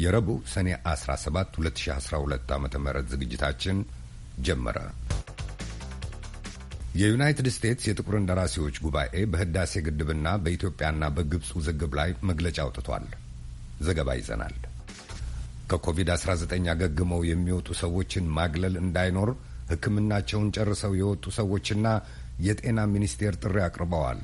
የረቡዕ ሰኔ 17 2012 ዓ ም ዝግጅታችን ጀመረ። የዩናይትድ ስቴትስ የጥቁር እንደራሴዎች ጉባኤ በህዳሴ ግድብና በኢትዮጵያና በግብፅ ውዝግብ ላይ መግለጫ አውጥቷል። ዘገባ ይዘናል። ከኮቪድ-19 አገግመው የሚወጡ ሰዎችን ማግለል እንዳይኖር ሕክምናቸውን ጨርሰው የወጡ ሰዎችና የጤና ሚኒስቴር ጥሪ አቅርበዋል።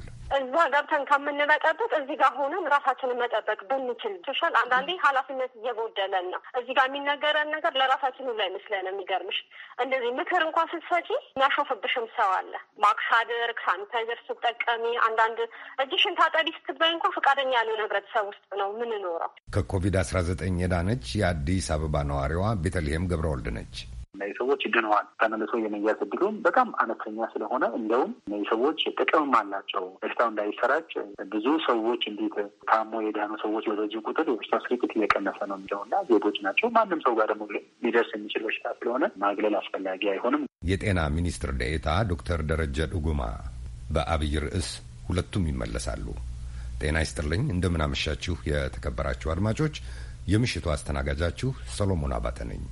ገብተን ከምንበጠበት እዚህ ጋር ሆነን ራሳችንን መጠበቅ ብንችል ሶሻል አንዳንዴ ኃላፊነት እየጎደለን ነው። እዚህ ጋር የሚነገረን ነገር ለራሳችን ላይ ይመስለን የሚገርምሽ እንደዚህ ምክር እንኳን ስትሰጪ የሚያሾፍብሽም ሰው አለ። ማክስ አድርግ፣ ሳኒታይዘር ስትጠቀሚ፣ አንዳንድ እጅሽን ታጠቢ ስትባይ እንኳን ፈቃደኛ ያለ ህብረተሰብ ውስጥ ነው ምንኖረው። ከኮቪድ አስራ ዘጠኝ የዳነች የአዲስ አበባ ነዋሪዋ ቤተልሔም ገብረወልድ ነች። እነዚህ ሰዎች ድነዋል። ተመልሶ የመያዝ እድሉም በጣም አነስተኛ ስለሆነ እንደውም እነዚህ ሰዎች ጥቅምም አላቸው። በሽታው እንዳይሰራጭ ብዙ ሰዎች እንዴት ታሞ የዳኑ ሰዎች በበዙ ቁጥር የበሽታ ስርጭት እየቀነሰ ነው የሚለው እና ዜጎች ናቸው ማንም ሰው ጋር ደግሞ ሊደርስ የሚችል በሽታ ስለሆነ ማግለል አስፈላጊ አይሆንም። የጤና ሚኒስትር ደኤታ ዶክተር ደረጀ ዱጉማ በአብይ ርዕስ ሁለቱም ይመለሳሉ። ጤና ይስጥልኝ። እንደምን አመሻችሁ የተከበራችሁ አድማጮች። የምሽቱ አስተናጋጃችሁ ሰሎሞን አባተ ነኝ።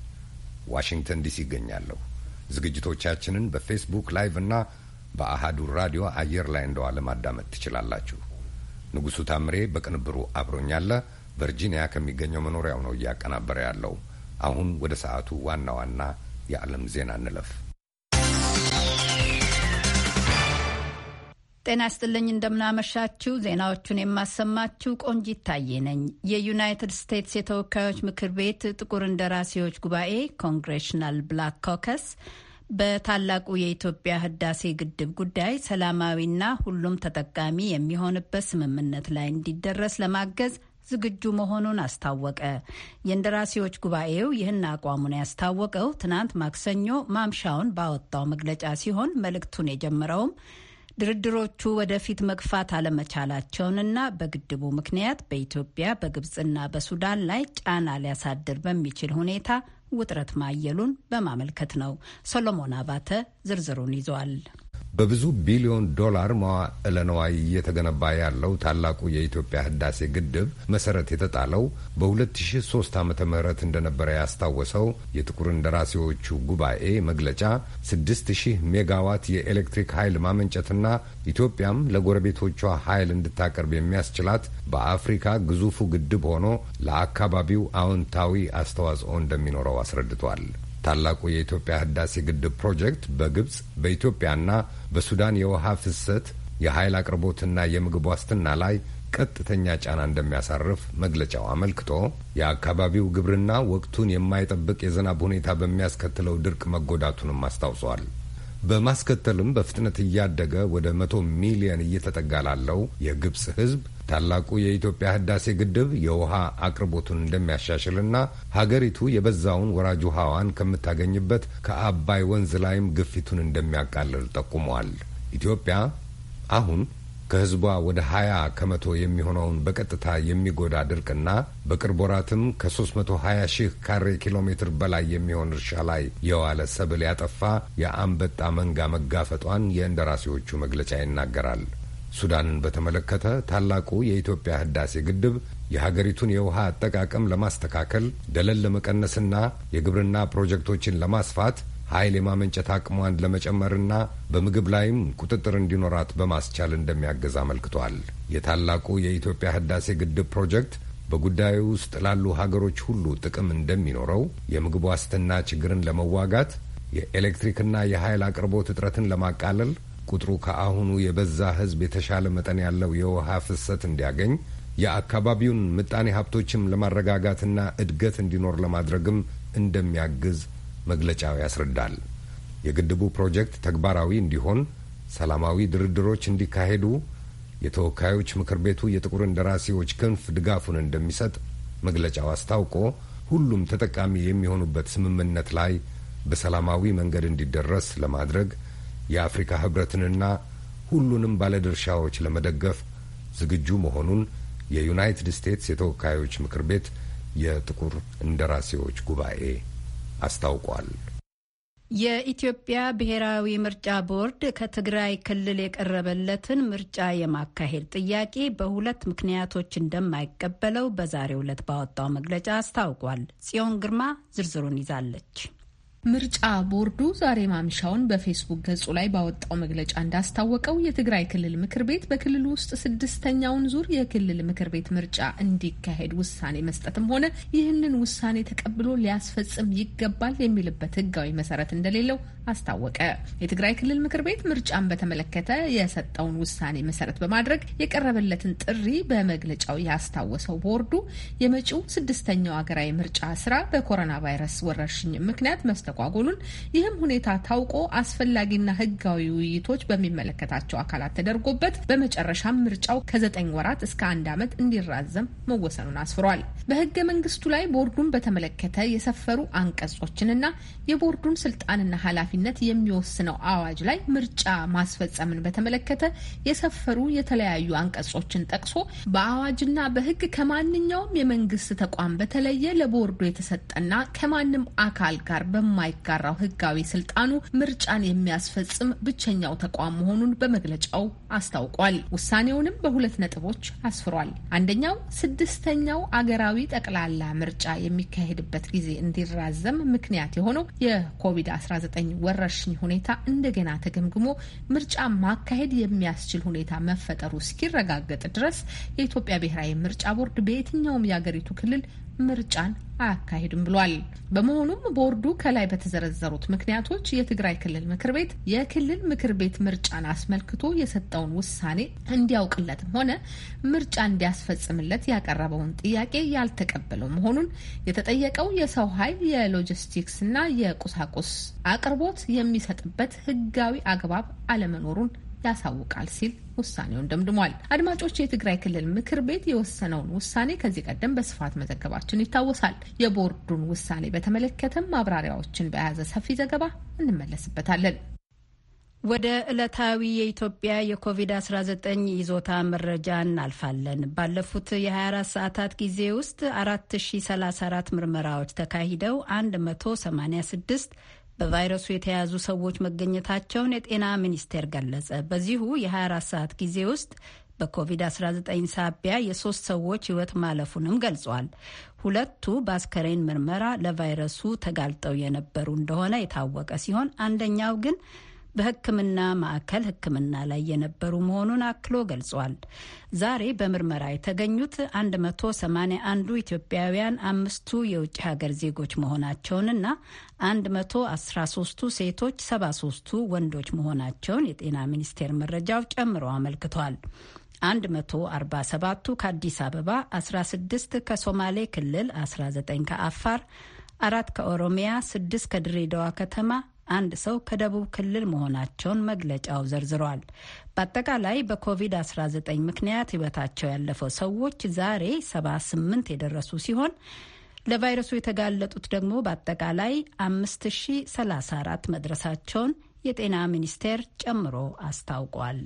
ዋሽንግተን ዲሲ ይገኛለሁ። ዝግጅቶቻችንን በፌስቡክ ላይቭ እና በአሃዱ ራዲዮ አየር ላይ እንደዋለ ማዳመጥ ትችላላችሁ። ንጉሡ ታምሬ በቅንብሩ አብሮኛለ። ቨርጂኒያ ከሚገኘው መኖሪያው ነው እያቀናበረ ያለው። አሁን ወደ ሰዓቱ ዋና ዋና የዓለም ዜና እንለፍ። ጤና ይስጥልኝ እንደምናመሻችው ዜናዎቹን የማሰማችው ቆንጅ ይታየ። ነኝ። የዩናይትድ ስቴትስ የተወካዮች ምክር ቤት ጥቁር እንደራሴዎች ጉባኤ ኮንግሬሽናል ብላክ ኮከስ በታላቁ የኢትዮጵያ ህዳሴ ግድብ ጉዳይ ሰላማዊና ሁሉም ተጠቃሚ የሚሆንበት ስምምነት ላይ እንዲደረስ ለማገዝ ዝግጁ መሆኑን አስታወቀ። የእንደራሴዎች ጉባኤው ይህን አቋሙን ያስታወቀው ትናንት ማክሰኞ ማምሻውን ባወጣው መግለጫ ሲሆን መልእክቱን የጀመረውም ድርድሮቹ ወደፊት መግፋት አለመቻላቸውንና በግድቡ ምክንያት በኢትዮጵያ በግብፅና በሱዳን ላይ ጫና ሊያሳድር በሚችል ሁኔታ ውጥረት ማየሉን በማመልከት ነው። ሰሎሞን አባተ ዝርዝሩን ይዟል። በብዙ ቢሊዮን ዶላር መዋዕለ ነዋይ እየተገነባ ያለው ታላቁ የኢትዮጵያ ህዳሴ ግድብ መሰረት የተጣለው በ2003 ዓ ም እንደነበረ ያስታወሰው የጥቁር እንደራሴዎቹ ጉባኤ መግለጫ 6000 ሜጋዋት የኤሌክትሪክ ኃይል ማመንጨትና ኢትዮጵያም ለጎረቤቶቿ ኃይል እንድታቀርብ የሚያስችላት በአፍሪካ ግዙፉ ግድብ ሆኖ ለአካባቢው አዎንታዊ አስተዋጽኦ እንደሚኖረው አስረድቷል። ታላቁ የኢትዮጵያ ህዳሴ ግድብ ፕሮጀክት በግብፅ በኢትዮጵያና በሱዳን የውሃ ፍሰት የኃይል አቅርቦትና የምግብ ዋስትና ላይ ቀጥተኛ ጫና እንደሚያሳርፍ መግለጫው አመልክቶ የአካባቢው ግብርና ወቅቱን የማይጠብቅ የዝናብ ሁኔታ በሚያስከትለው ድርቅ መጎዳቱንም አስታውሷል። በማስከተልም በፍጥነት እያደገ ወደ መቶ ሚሊየን እየተጠጋ ላለው የግብፅ ታላቁ የኢትዮጵያ ህዳሴ ግድብ የውሃ አቅርቦቱን እንደሚያሻሽልና ሀገሪቱ የበዛውን ወራጅ ውሃዋን ከምታገኝበት ከአባይ ወንዝ ላይም ግፊቱን እንደሚያቃልል ጠቁመዋል። ኢትዮጵያ አሁን ከህዝቧ ወደ 20 ከመቶ የሚሆነውን በቀጥታ የሚጎዳ ድርቅና በቅርብ ወራትም ከ320 ሺህ ካሬ ኪሎ ሜትር በላይ የሚሆን እርሻ ላይ የዋለ ሰብል ያጠፋ የአንበጣ መንጋ መጋፈጧን የእንደራሴዎቹ መግለጫ ይናገራል። ሱዳንን በተመለከተ ታላቁ የኢትዮጵያ ህዳሴ ግድብ የሀገሪቱን የውሃ አጠቃቀም ለማስተካከል፣ ደለል ለመቀነስና የግብርና ፕሮጀክቶችን ለማስፋት ኃይል የማመንጨት አቅሟን ለመጨመርና በምግብ ላይም ቁጥጥር እንዲኖራት በማስቻል እንደሚያገዝ አመልክቷል። የታላቁ የኢትዮጵያ ህዳሴ ግድብ ፕሮጀክት በጉዳዩ ውስጥ ላሉ ሀገሮች ሁሉ ጥቅም እንደሚኖረው፣ የምግብ ዋስትና ችግርን ለመዋጋት፣ የኤሌክትሪክና የኃይል አቅርቦት እጥረትን ለማቃለል፣ ቁጥሩ ከአሁኑ የበዛ ህዝብ የተሻለ መጠን ያለው የውሃ ፍሰት እንዲያገኝ፣ የአካባቢውን ምጣኔ ሀብቶችም ለማረጋጋትና እድገት እንዲኖር ለማድረግም እንደሚያግዝ መግለጫው ያስረዳል። የግድቡ ፕሮጀክት ተግባራዊ እንዲሆን ሰላማዊ ድርድሮች እንዲካሄዱ የተወካዮች ምክር ቤቱ የጥቁር እንደራሴዎች ክንፍ ድጋፉን እንደሚሰጥ መግለጫው አስታውቆ ሁሉም ተጠቃሚ የሚሆኑበት ስምምነት ላይ በሰላማዊ መንገድ እንዲደረስ ለማድረግ የአፍሪካ ሕብረትንና ሁሉንም ባለድርሻዎች ለመደገፍ ዝግጁ መሆኑን የዩናይትድ ስቴትስ የተወካዮች ምክር ቤት የጥቁር እንደራሴዎች ጉባኤ አስታውቋል። የኢትዮጵያ ብሔራዊ ምርጫ ቦርድ ከትግራይ ክልል የቀረበለትን ምርጫ የማካሄድ ጥያቄ በሁለት ምክንያቶች እንደማይቀበለው በዛሬው ዕለት ባወጣው መግለጫ አስታውቋል። ጽዮን ግርማ ዝርዝሩን ይዛለች። ምርጫ ቦርዱ ዛሬ ማምሻውን በፌስቡክ ገጹ ላይ ባወጣው መግለጫ እንዳስታወቀው የትግራይ ክልል ምክር ቤት በክልሉ ውስጥ ስድስተኛውን ዙር የክልል ምክር ቤት ምርጫ እንዲካሄድ ውሳኔ መስጠትም ሆነ ይህንን ውሳኔ ተቀብሎ ሊያስፈጽም ይገባል የሚልበት ሕጋዊ መሰረት እንደሌለው አስታወቀ። የትግራይ ክልል ምክር ቤት ምርጫን በተመለከተ የሰጠውን ውሳኔ መሰረት በማድረግ የቀረበለትን ጥሪ በመግለጫው ያስታወሰው ቦርዱ የመጪው ስድስተኛው ሀገራዊ ምርጫ ስራ በኮሮና ቫይረስ ወረርሽኝ ምክንያት መስተ መስተጓጎሉን ይህም ሁኔታ ታውቆ አስፈላጊና ህጋዊ ውይይቶች በሚመለከታቸው አካላት ተደርጎበት በመጨረሻም ምርጫው ከዘጠኝ ወራት እስከ አንድ ዓመት እንዲራዘም መወሰኑን አስፍሯል። በህገ መንግስቱ ላይ ቦርዱን በተመለከተ የሰፈሩ አንቀጾችንና የቦርዱን ስልጣንና ኃላፊነት የሚወስነው አዋጅ ላይ ምርጫ ማስፈጸምን በተመለከተ የሰፈሩ የተለያዩ አንቀጾችን ጠቅሶ በአዋጅና በህግ ከማንኛውም የመንግስት ተቋም በተለየ ለቦርዱ የተሰጠና ከማንም አካል ጋር በማ የማይጋራው ህጋዊ ስልጣኑ ምርጫን የሚያስፈጽም ብቸኛው ተቋም መሆኑን በመግለጫው አስታውቋል። ውሳኔውንም በሁለት ነጥቦች አስፍሯል። አንደኛው ስድስተኛው አገራዊ ጠቅላላ ምርጫ የሚካሄድበት ጊዜ እንዲራዘም ምክንያት የሆነው የኮቪድ-19 ወረርሽኝ ሁኔታ እንደገና ተገምግሞ ምርጫ ማካሄድ የሚያስችል ሁኔታ መፈጠሩ እስኪረጋገጥ ድረስ የኢትዮጵያ ብሔራዊ ምርጫ ቦርድ በየትኛውም የአገሪቱ ክልል ምርጫን አያካሂድም ብሏል። በመሆኑም ቦርዱ ከላይ በተዘረዘሩት ምክንያቶች የትግራይ ክልል ምክር ቤት የክልል ምክር ቤት ምርጫን አስመልክቶ የሰጠውን ውሳኔ እንዲያውቅለትም ሆነ ምርጫ እንዲያስፈጽምለት ያቀረበውን ጥያቄ ያልተቀበለው መሆኑን የተጠየቀው የሰው ኃይል የሎጂስቲክስና የቁሳቁስ አቅርቦት የሚሰጥበት ሕጋዊ አግባብ አለመኖሩን ያሳውቃል ሲል ውሳኔውን ደምድሟል። አድማጮች፣ የትግራይ ክልል ምክር ቤት የወሰነውን ውሳኔ ከዚህ ቀደም በስፋት መዘገባችን ይታወሳል። የቦርዱን ውሳኔ በተመለከተም ማብራሪያዎችን በያዘ ሰፊ ዘገባ እንመለስበታለን። ወደ ዕለታዊ የኢትዮጵያ የኮቪድ-19 ይዞታ መረጃ እናልፋለን። ባለፉት የ24 ሰዓታት ጊዜ ውስጥ 4034 ምርመራዎች ተካሂደው 186 በቫይረሱ የተያዙ ሰዎች መገኘታቸውን የጤና ሚኒስቴር ገለጸ። በዚሁ የ24 ሰዓት ጊዜ ውስጥ በኮቪድ-19 ሳቢያ የሶስት ሰዎች ህይወት ማለፉንም ገልጿል። ሁለቱ በአስከሬን ምርመራ ለቫይረሱ ተጋልጠው የነበሩ እንደሆነ የታወቀ ሲሆን አንደኛው ግን በሕክምና ማዕከል ሕክምና ላይ የነበሩ መሆኑን አክሎ ገልጿል። ዛሬ በምርመራ የተገኙት 181ዱ ኢትዮጵያውያን አምስቱ የውጭ ሀገር ዜጎች መሆናቸውንና 113ቱ ሴቶች፣ 73ቱ ወንዶች መሆናቸውን የጤና ሚኒስቴር መረጃው ጨምሮ አመልክቷል። 147ቱ ከአዲስ አበባ፣ 16 ከሶማሌ ክልል፣ 19 ከአፋር፣ አራት ከኦሮሚያ፣ ስድስት ከድሬዳዋ ከተማ፣ አንድ ሰው ከደቡብ ክልል መሆናቸውን መግለጫው ዘርዝሯል። በአጠቃላይ በኮቪድ-19 ምክንያት ሕይወታቸው ያለፈው ሰዎች ዛሬ 78 የደረሱ ሲሆን ለቫይረሱ የተጋለጡት ደግሞ በአጠቃላይ 5034 መድረሳቸውን የጤና ሚኒስቴር ጨምሮ አስታውቋል።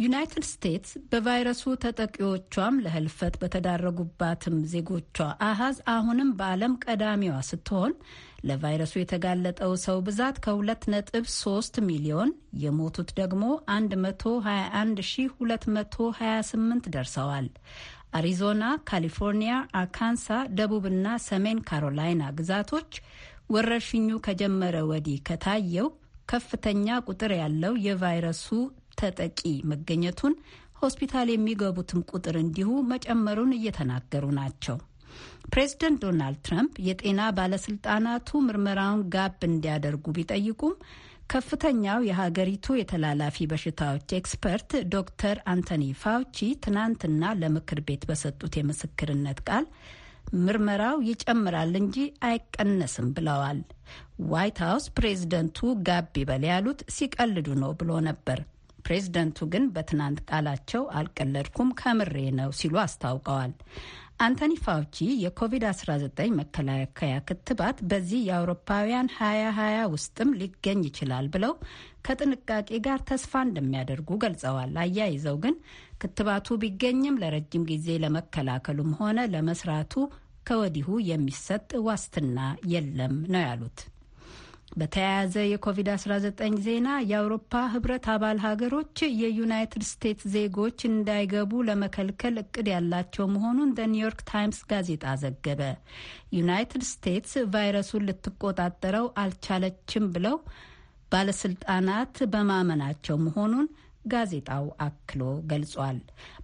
ዩናይትድ ስቴትስ በቫይረሱ ተጠቂዎቿም ለህልፈት በተዳረጉባትም ዜጎቿ አሃዝ አሁንም በዓለም ቀዳሚዋ ስትሆን ለቫይረሱ የተጋለጠው ሰው ብዛት ከ2.3 ሚሊዮን የሞቱት ደግሞ 121228 ደርሰዋል። አሪዞና፣ ካሊፎርኒያ፣ አርካንሳ፣ ደቡብና ሰሜን ካሮላይና ግዛቶች ወረርሽኙ ከጀመረ ወዲህ ከታየው ከፍተኛ ቁጥር ያለው የቫይረሱ ተጠቂ መገኘቱን ሆስፒታል የሚገቡትም ቁጥር እንዲሁ መጨመሩን እየተናገሩ ናቸው። ፕሬዝደንት ዶናልድ ትራምፕ የጤና ባለስልጣናቱ ምርመራውን ጋብ እንዲያደርጉ ቢጠይቁም ከፍተኛው የሀገሪቱ የተላላፊ በሽታዎች ኤክስፐርት ዶክተር አንቶኒ ፋውቺ ትናንትና ለምክር ቤት በሰጡት የምስክርነት ቃል ምርመራው ይጨምራል እንጂ አይቀነስም ብለዋል። ዋይት ሀውስ ፕሬዝደንቱ ጋብ ይበል ያሉት ሲቀልዱ ነው ብሎ ነበር። ፕሬዝደንቱ ግን በትናንት ቃላቸው አልቀለድኩም፣ ከምሬ ነው ሲሉ አስታውቀዋል። አንቶኒ ፋውቺ የኮቪድ-19 መከላከያ ክትባት በዚህ የአውሮፓውያን 2020 ውስጥም ሊገኝ ይችላል ብለው ከጥንቃቄ ጋር ተስፋ እንደሚያደርጉ ገልጸዋል። አያይዘው ግን ክትባቱ ቢገኝም ለረጅም ጊዜ ለመከላከሉም ሆነ ለመስራቱ ከወዲሁ የሚሰጥ ዋስትና የለም ነው ያሉት። በተያያዘ የኮቪድ-19 ዜና የአውሮፓ ህብረት አባል ሀገሮች የዩናይትድ ስቴትስ ዜጎች እንዳይገቡ ለመከልከል እቅድ ያላቸው መሆኑን ኒውዮርክ ታይምስ ጋዜጣ ዘገበ። ዩናይትድ ስቴትስ ቫይረሱን ልትቆጣጠረው አልቻለችም ብለው ባለስልጣናት በማመናቸው መሆኑን ጋዜጣው አክሎ ገልጿል።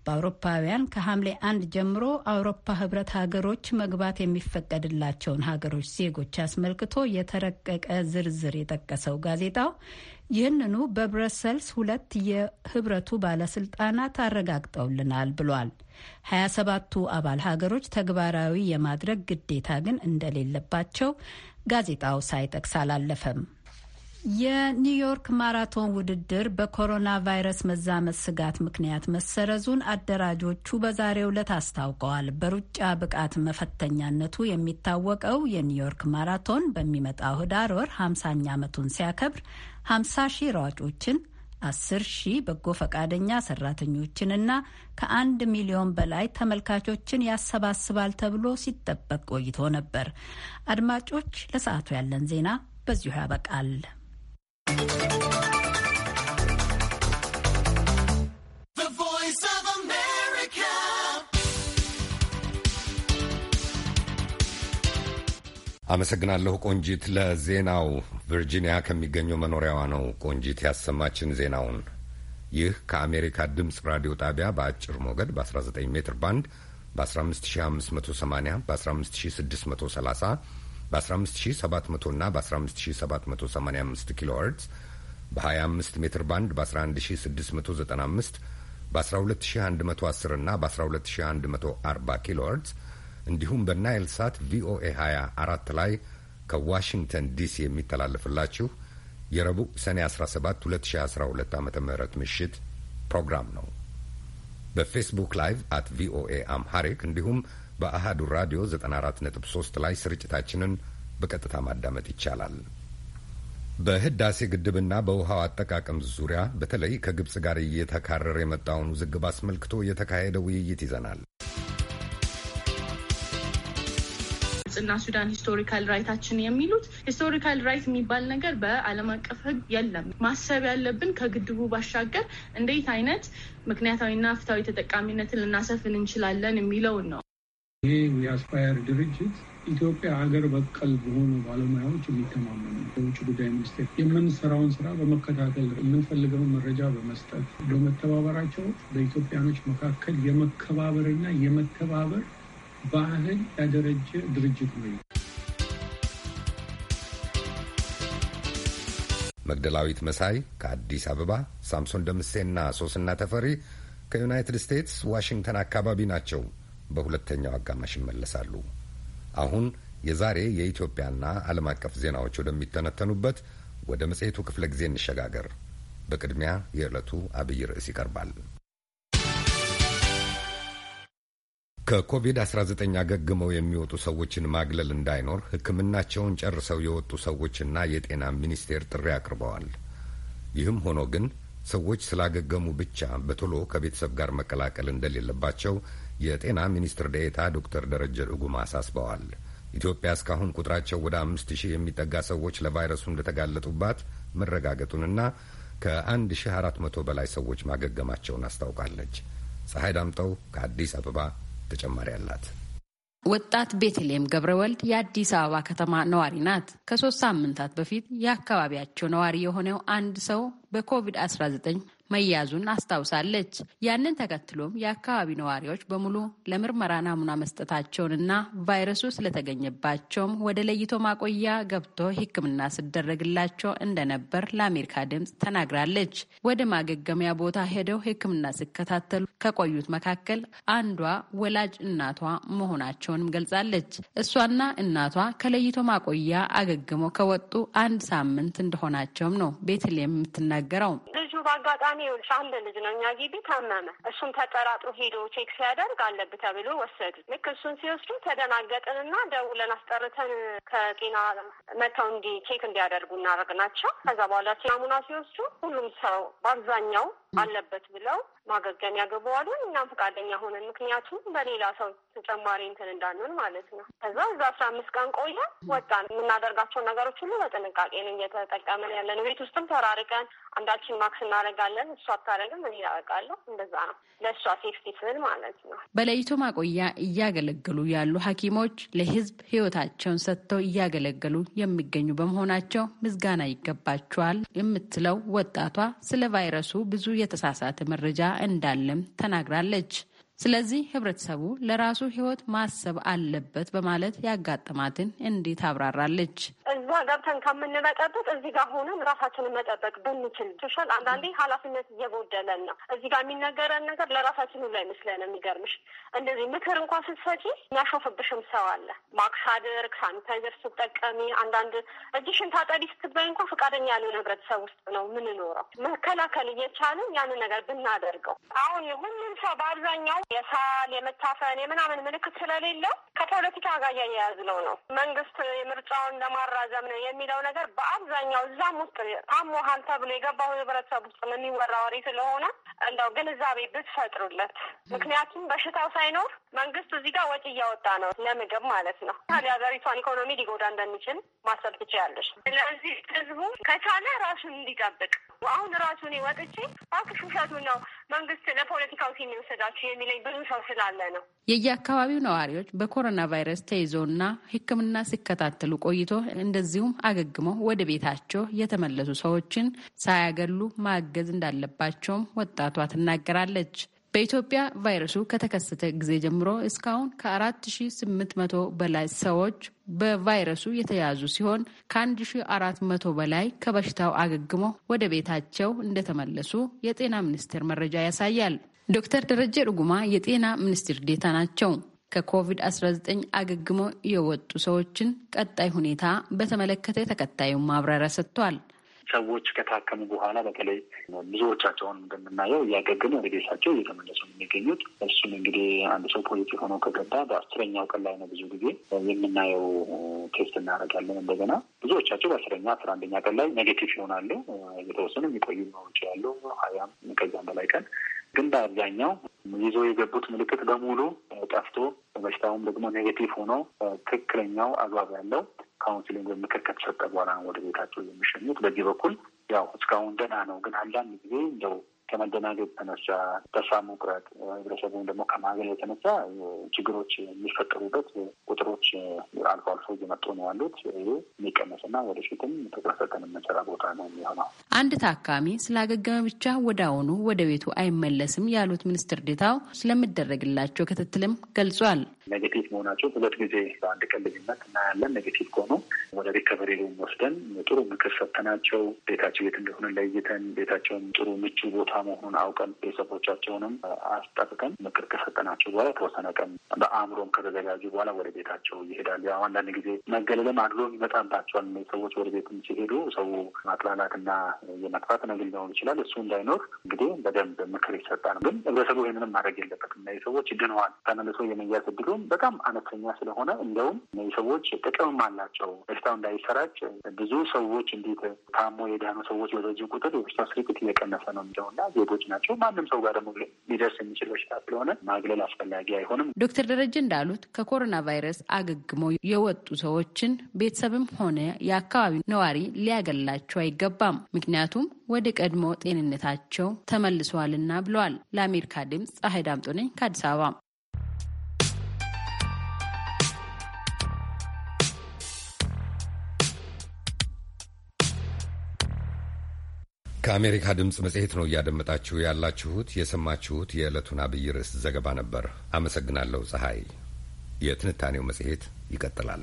በአውሮፓውያን ከሐምሌ አንድ ጀምሮ አውሮፓ ህብረት ሀገሮች መግባት የሚፈቀድላቸውን ሀገሮች ዜጎች አስመልክቶ የተረቀቀ ዝርዝር የጠቀሰው ጋዜጣው ይህንኑ በብረሰልስ ሁለት የህብረቱ ባለስልጣናት አረጋግጠውልናል ብሏል። ሀያ ሰባቱ አባል ሀገሮች ተግባራዊ የማድረግ ግዴታ ግን እንደሌለባቸው ጋዜጣው ሳይጠቅስ አላለፈም። የኒውዮርክ ማራቶን ውድድር በኮሮና ቫይረስ መዛመት ስጋት ምክንያት መሰረዙን አደራጆቹ በዛሬው ዕለት አስታውቀዋል። በሩጫ ብቃት መፈተኛነቱ የሚታወቀው የኒውዮርክ ማራቶን በሚመጣው ህዳር ወር 50ኛ ዓመቱን ሲያከብር 50 ሺህ ሯጮችን፣ አስር ሺህ በጎ ፈቃደኛ ሰራተኞችንና ከአንድ ሚሊዮን በላይ ተመልካቾችን ያሰባስባል ተብሎ ሲጠበቅ ቆይቶ ነበር። አድማጮች፣ ለሰዓቱ ያለን ዜና በዚሁ ያበቃል። አመሰግናለሁ ቆንጂት ለዜናው። ቨርጂኒያ ከሚገኘው መኖሪያዋ ነው ቆንጂት ያሰማችን ዜናውን። ይህ ከአሜሪካ ድምፅ ራዲዮ ጣቢያ በአጭር ሞገድ በ19 ሜትር ባንድ በ15580 በ15630 በ15700 እና በ15785 ኪሎ ሄርትዝ በ25 ሜትር ባንድ በ11695 በ12110 እና በ12140 ኪሎ እንዲሁም በናይል ሳት ቪኦኤ 24 ላይ ከዋሽንግተን ዲሲ የሚተላለፍላችሁ የረቡዕ ሰኔ 17 2012 ዓ ም ምሽት ፕሮግራም ነው። በፌስቡክ ላይቭ አት ቪኦኤ አምሃሪክ እንዲሁም በአሃዱ ራዲዮ 94.3 ላይ ስርጭታችንን በቀጥታ ማዳመጥ ይቻላል። በህዳሴ ግድብና በውሃው አጠቃቀም ዙሪያ በተለይ ከግብፅ ጋር እየተካረረ የመጣውን ውዝግብ አስመልክቶ የተካሄደ ውይይት ይዘናል። ግብጽና ሱዳን ሂስቶሪካል ራይታችን የሚሉት ሂስቶሪካል ራይት የሚባል ነገር በዓለም አቀፍ ሕግ የለም። ማሰብ ያለብን ከግድቡ ባሻገር እንዴት አይነት ምክንያታዊና ፍትሐዊ ተጠቃሚነትን ልናሰፍን እንችላለን የሚለውን ነው። ይሄ የአስፓየር ድርጅት ኢትዮጵያ ሀገር በቀል በሆኑ ባለሙያዎች የሚተማመኑ በውጭ ጉዳይ ሚኒስቴር የምንሰራውን ስራ በመከታተል የምንፈልገውን መረጃ በመስጠት በመተባበራቸው በኢትዮጵያኖች መካከል የመከባበርና የመተባበር ባህል ያደረጀ ድርጅት ነው። መግደላዊት መሳይ ከአዲስ አበባ፣ ሳምሶን ደምሴና ሶስና ተፈሪ ከዩናይትድ ስቴትስ ዋሽንግተን አካባቢ ናቸው። በሁለተኛው አጋማሽ ይመለሳሉ። አሁን የዛሬ የኢትዮጵያና ዓለም አቀፍ ዜናዎች ወደሚተነተኑበት ወደ መጽሔቱ ክፍለ ጊዜ እንሸጋገር። በቅድሚያ የዕለቱ አብይ ርዕስ ይቀርባል። ከኮቪድ-19 አገግመው የሚወጡ ሰዎችን ማግለል እንዳይኖር ሕክምናቸውን ጨርሰው የወጡ ሰዎችና የጤና ሚኒስቴር ጥሪ አቅርበዋል። ይህም ሆኖ ግን ሰዎች ስላገገሙ ብቻ በቶሎ ከቤተሰብ ጋር መቀላቀል እንደሌለባቸው የጤና ሚኒስትር ዴኤታ ዶክተር ደረጀ ድጉማ አሳስበዋል። ኢትዮጵያ እስካሁን ቁጥራቸው ወደ አምስት ሺህ የሚጠጋ ሰዎች ለቫይረሱ እንደተጋለጡባት መረጋገጡንና ከአንድ ሺህ አራት መቶ በላይ ሰዎች ማገገማቸውን አስታውቃለች። ፀሐይ ዳምጠው ከአዲስ አበባ ተጨማሪ አላት። ወጣት ቤተልሔም ገብረወልድ የአዲስ አበባ ከተማ ነዋሪ ናት። ከሶስት ሳምንታት በፊት የአካባቢያቸው ነዋሪ የሆነው አንድ ሰው በኮቪድ-19 መያዙን አስታውሳለች። ያንን ተከትሎም የአካባቢ ነዋሪዎች በሙሉ ለምርመራ ናሙና መስጠታቸውንና ቫይረሱ ስለተገኘባቸውም ወደ ለይቶ ማቆያ ገብቶ ሕክምና ስደረግላቸው እንደነበር ለአሜሪካ ድምፅ ተናግራለች። ወደ ማገገሚያ ቦታ ሄደው ሕክምና ሲከታተሉ ከቆዩት መካከል አንዷ ወላጅ እናቷ መሆናቸውንም ገልጻለች። እሷና እናቷ ከለይቶ ማቆያ አገግሞ ከወጡ አንድ ሳምንት እንደሆናቸውም ነው ቤትል የምትናገረው። ልጁ በአጋጣሚ ይኸውልሽ አንድ ልጅ ነው እኛ ጊቢ ታመመ። እሱን ተጠራጥሮ ሄዶ ቼክ ሲያደርግ አለብ ተብሎ ወሰዱ። ልክ እሱን ሲወስዱ ተደናገጥንና ደውለን አስጠርተን ከጤና መተው እንዲ ቼክ እንዲያደርጉ እናደርግ ናቸው። ከዛ በኋላ ናሙና ሲወስዱ ሁሉም ሰው በአብዛኛው አለበት ብለው ማገገሚያ ገበዋሉ። እኛም ፈቃደኛ ሆነን ምክንያቱም በሌላ ሰው ተጨማሪ እንትን እንዳንሆን ማለት ነው። ከዛ እዛ አስራ አምስት ቀን ቆየ ወጣን። የምናደርጋቸውን ነገሮች ሁሉ በጥንቃቄ ነው እየተጠቀምን ያለን። ቤት ውስጥም ተራርቀን አንዳችን ማክስ እናደርጋለን። እሱ አታደርግም፣ እኔ አደርጋለሁ። እንደዛ ነው ለእሷ ሴፍቲ ስል ማለት ነው። በለይቶ ማቆያ እያገለገሉ ያሉ ሐኪሞች ለህዝብ ህይወታቸውን ሰጥተው እያገለገሉ የሚገኙ በመሆናቸው ምስጋና ይገባቸዋል የምትለው ወጣቷ ስለ ቫይረሱ ብዙ የተሳሳተ መረጃ እንዳለም ተናግራለች። ስለዚህ ህብረተሰቡ ለራሱ ህይወት ማሰብ አለበት በማለት ያጋጥማትን እንዴት አብራራለች። እዛ ገብተን ከምንመጠበቅ እዚህ ጋር ሆነን ራሳችንን መጠበቅ ብንችል ሻል። አንዳንዴ ኃላፊነት እየጎደለን ነው። እዚህ ጋር የሚነገረን ነገር ለራሳችን ሁሉ አይመስለን። የሚገርምሽ እንደዚህ ምክር እንኳን ስትሰጪ የሚያሾፍብሽም ሰው አለ። ማክስ አድርግ፣ ሳኒታይዘር ስትጠቀሚ፣ አንዳንድ እጅሽን ታጠቢ ስትባይ እንኳን ፈቃደኛ ያልሆነ ህብረተሰብ ውስጥ ነው ምንኖረው። መከላከል እየቻልን ያንን ነገር ብናደርገው አሁን ሁሉም ሰው በአብዛኛው የሳል የመታፈን የምናምን ምልክት ስለሌለው ከፖለቲካ ጋር እያያዝነው ነው። መንግስት ምርጫውን ለማራዘም ነው የሚለው ነገር በአብዛኛው እዛም ውስጥ ታሞሃል ተብሎ የገባው ህብረተሰብ ውስጥ የሚወራ ወሬ ስለሆነ እንደው ግንዛቤ ብትፈጥሩለት። ምክንያቱም በሽታው ሳይኖር መንግስት እዚህ ጋር ወጪ እያወጣ ነው ለምግብ ማለት ነው። የሀገሪቷን ኢኮኖሚ ሊጎዳ እንደሚችል ማሰብ ትችያለሽ። ስለዚህ ህዝቡ ከቻለ ራሱን እንዲጠብቅ አሁን ራሱን ወጥቼ እባክሽ ውሸቱን ነው መንግስት ለፖለቲካው ሲም ይውሰዳችሁ የሚለኝ ብዙ ሰው ስላለ ነው። የየአካባቢው ነዋሪዎች በኮሮና ቫይረስ ተይዘውና ሕክምና ሲከታተሉ ቆይቶ እንደዚሁም አገግመው ወደ ቤታቸው የተመለሱ ሰዎችን ሳያገሉ ማገዝ እንዳለባቸውም ወጣቷ ትናገራለች። በኢትዮጵያ ቫይረሱ ከተከሰተ ጊዜ ጀምሮ እስካሁን ከ4800 በላይ ሰዎች በቫይረሱ የተያዙ ሲሆን ከ1400 በላይ ከበሽታው አገግሞ ወደ ቤታቸው እንደተመለሱ የጤና ሚኒስቴር መረጃ ያሳያል። ዶክተር ደረጀ ዱጉማ የጤና ሚኒስትር ዴታ ናቸው። ከኮቪድ-19 አገግሞ የወጡ ሰዎችን ቀጣይ ሁኔታ በተመለከተ ተከታዩን ማብራሪያ ሰጥቷል። ሰዎች ከታከሙ በኋላ በተለይ ብዙዎቻቸውን እንደምናየው እያገገሙ ወደ ቤታቸው እየተመለሱ የሚገኙት እሱም እንግዲህ አንድ ሰው ፖዚቲቭ ሆኖ ከገባ በአስረኛው ቀን ላይ ነው ብዙ ጊዜ የምናየው ቴስት እናደርጋለን። እንደገና ብዙዎቻቸው በአስረኛ አስራ አንደኛ ቀን ላይ ኔጌቲቭ ይሆናሉ። የተወሰኑ የሚቆዩ ነው ያሉ ሀያም ከዛም በላይ ቀን ግን በአብዛኛው ይዞ የገቡት ምልክት በሙሉ ጠፍቶ በበሽታውም ደግሞ ኔጌቲቭ ሆኖ ትክክለኛው አግባብ ያለው ካውንስሊንግ ምክር ከተሰጠ በኋላ ነው ወደ ቤታቸው የሚሸኙት። በዚህ በኩል ያው እስካሁን ደህና ነው። ግን አንዳንድ ጊዜ እንደው ከመደናገጥ የተነሳ ተስፋ መቁረጥ፣ ህብረተሰቡም ደግሞ ከማገል የተነሳ ችግሮች የሚፈጠሩበት ቁጥሮች አልፎ አልፎ እየመጡ ነው ያሉት። ይህ የሚቀነስና ወደፊትም ተቀሰቀን የምንሰራ ቦታ ነው የሚሆነው። አንድ ታካሚ ስላገገመ ብቻ ወደ አሁኑ ወደ ቤቱ አይመለስም ያሉት ሚኒስትር ዴታው ስለሚደረግላቸው ክትትልም ገልጿል። ኔጌቲቭ መሆናቸው ሁለት ጊዜ በአንድ ቀን ልዩነት እናያለን። ኔጌቲቭ ከሆኑ ወደ ሪከቨሪ ሩም ወስደን ጥሩ ምክር ሰጥተናቸው ቤታቸው የት እንደሆነ ለይተን ቤታቸውን ጥሩ ምቹ ቦታ መሆኑን አውቀን ቤተሰቦቻቸውንም አስጠብቀን ምክር ከሰጠናቸው በኋላ ተወሰነ ቀን በአእምሮም ከተዘጋጁ በኋላ ወደ ቤታቸው ይሄዳሉ። ያው አንዳንድ ጊዜ መገለልም አድሎ ይመጣባቸዋል። ሰዎች ወደ ቤትም ሲሄዱ ሰው ማጥላላትና የመጥፋት ነገር ሊሆን ይችላል። እሱ እንዳይኖር እንግዲህ በደንብ ምክር ነው። ግን ህብረተሰቡ ይህንንም ማድረግ የለበትም። ሰዎች ድነዋል ተመልሶ የመያዝ እድሉ ቁጥራቸውም በጣም አነስተኛ ስለሆነ እንደውም ሰዎች ጥቅምም አላቸው። በሽታው እንዳይሰራጭ ብዙ ሰዎች እንዴት ታሞ የዳኑ ሰዎች በበዙ ቁጥር የበሽታው ስርጭት እየቀነሰ ነው የሚለውና ዜጎች ናቸው ማንም ሰው ጋር ደግሞ ሊደርስ የሚችል በሽታ ስለሆነ ማግለል አስፈላጊ አይሆንም። ዶክተር ደረጀ እንዳሉት ከኮሮና ቫይረስ አገግሞ የወጡ ሰዎችን ቤተሰብም ሆነ የአካባቢ ነዋሪ ሊያገላቸው አይገባም። ምክንያቱም ወደ ቀድሞ ጤንነታቸው ተመልሰዋልና ብለዋል። ለአሜሪካ ድምፅ ፀሐይ ዳምጦ ነኝ ከአዲስ አበባ። ከአሜሪካ ድምፅ መጽሔት ነው እያደመጣችሁ ያላችሁት። የሰማችሁት የዕለቱን አብይ ርዕስ ዘገባ ነበር። አመሰግናለሁ ፀሐይ። የትንታኔው መጽሔት ይቀጥላል።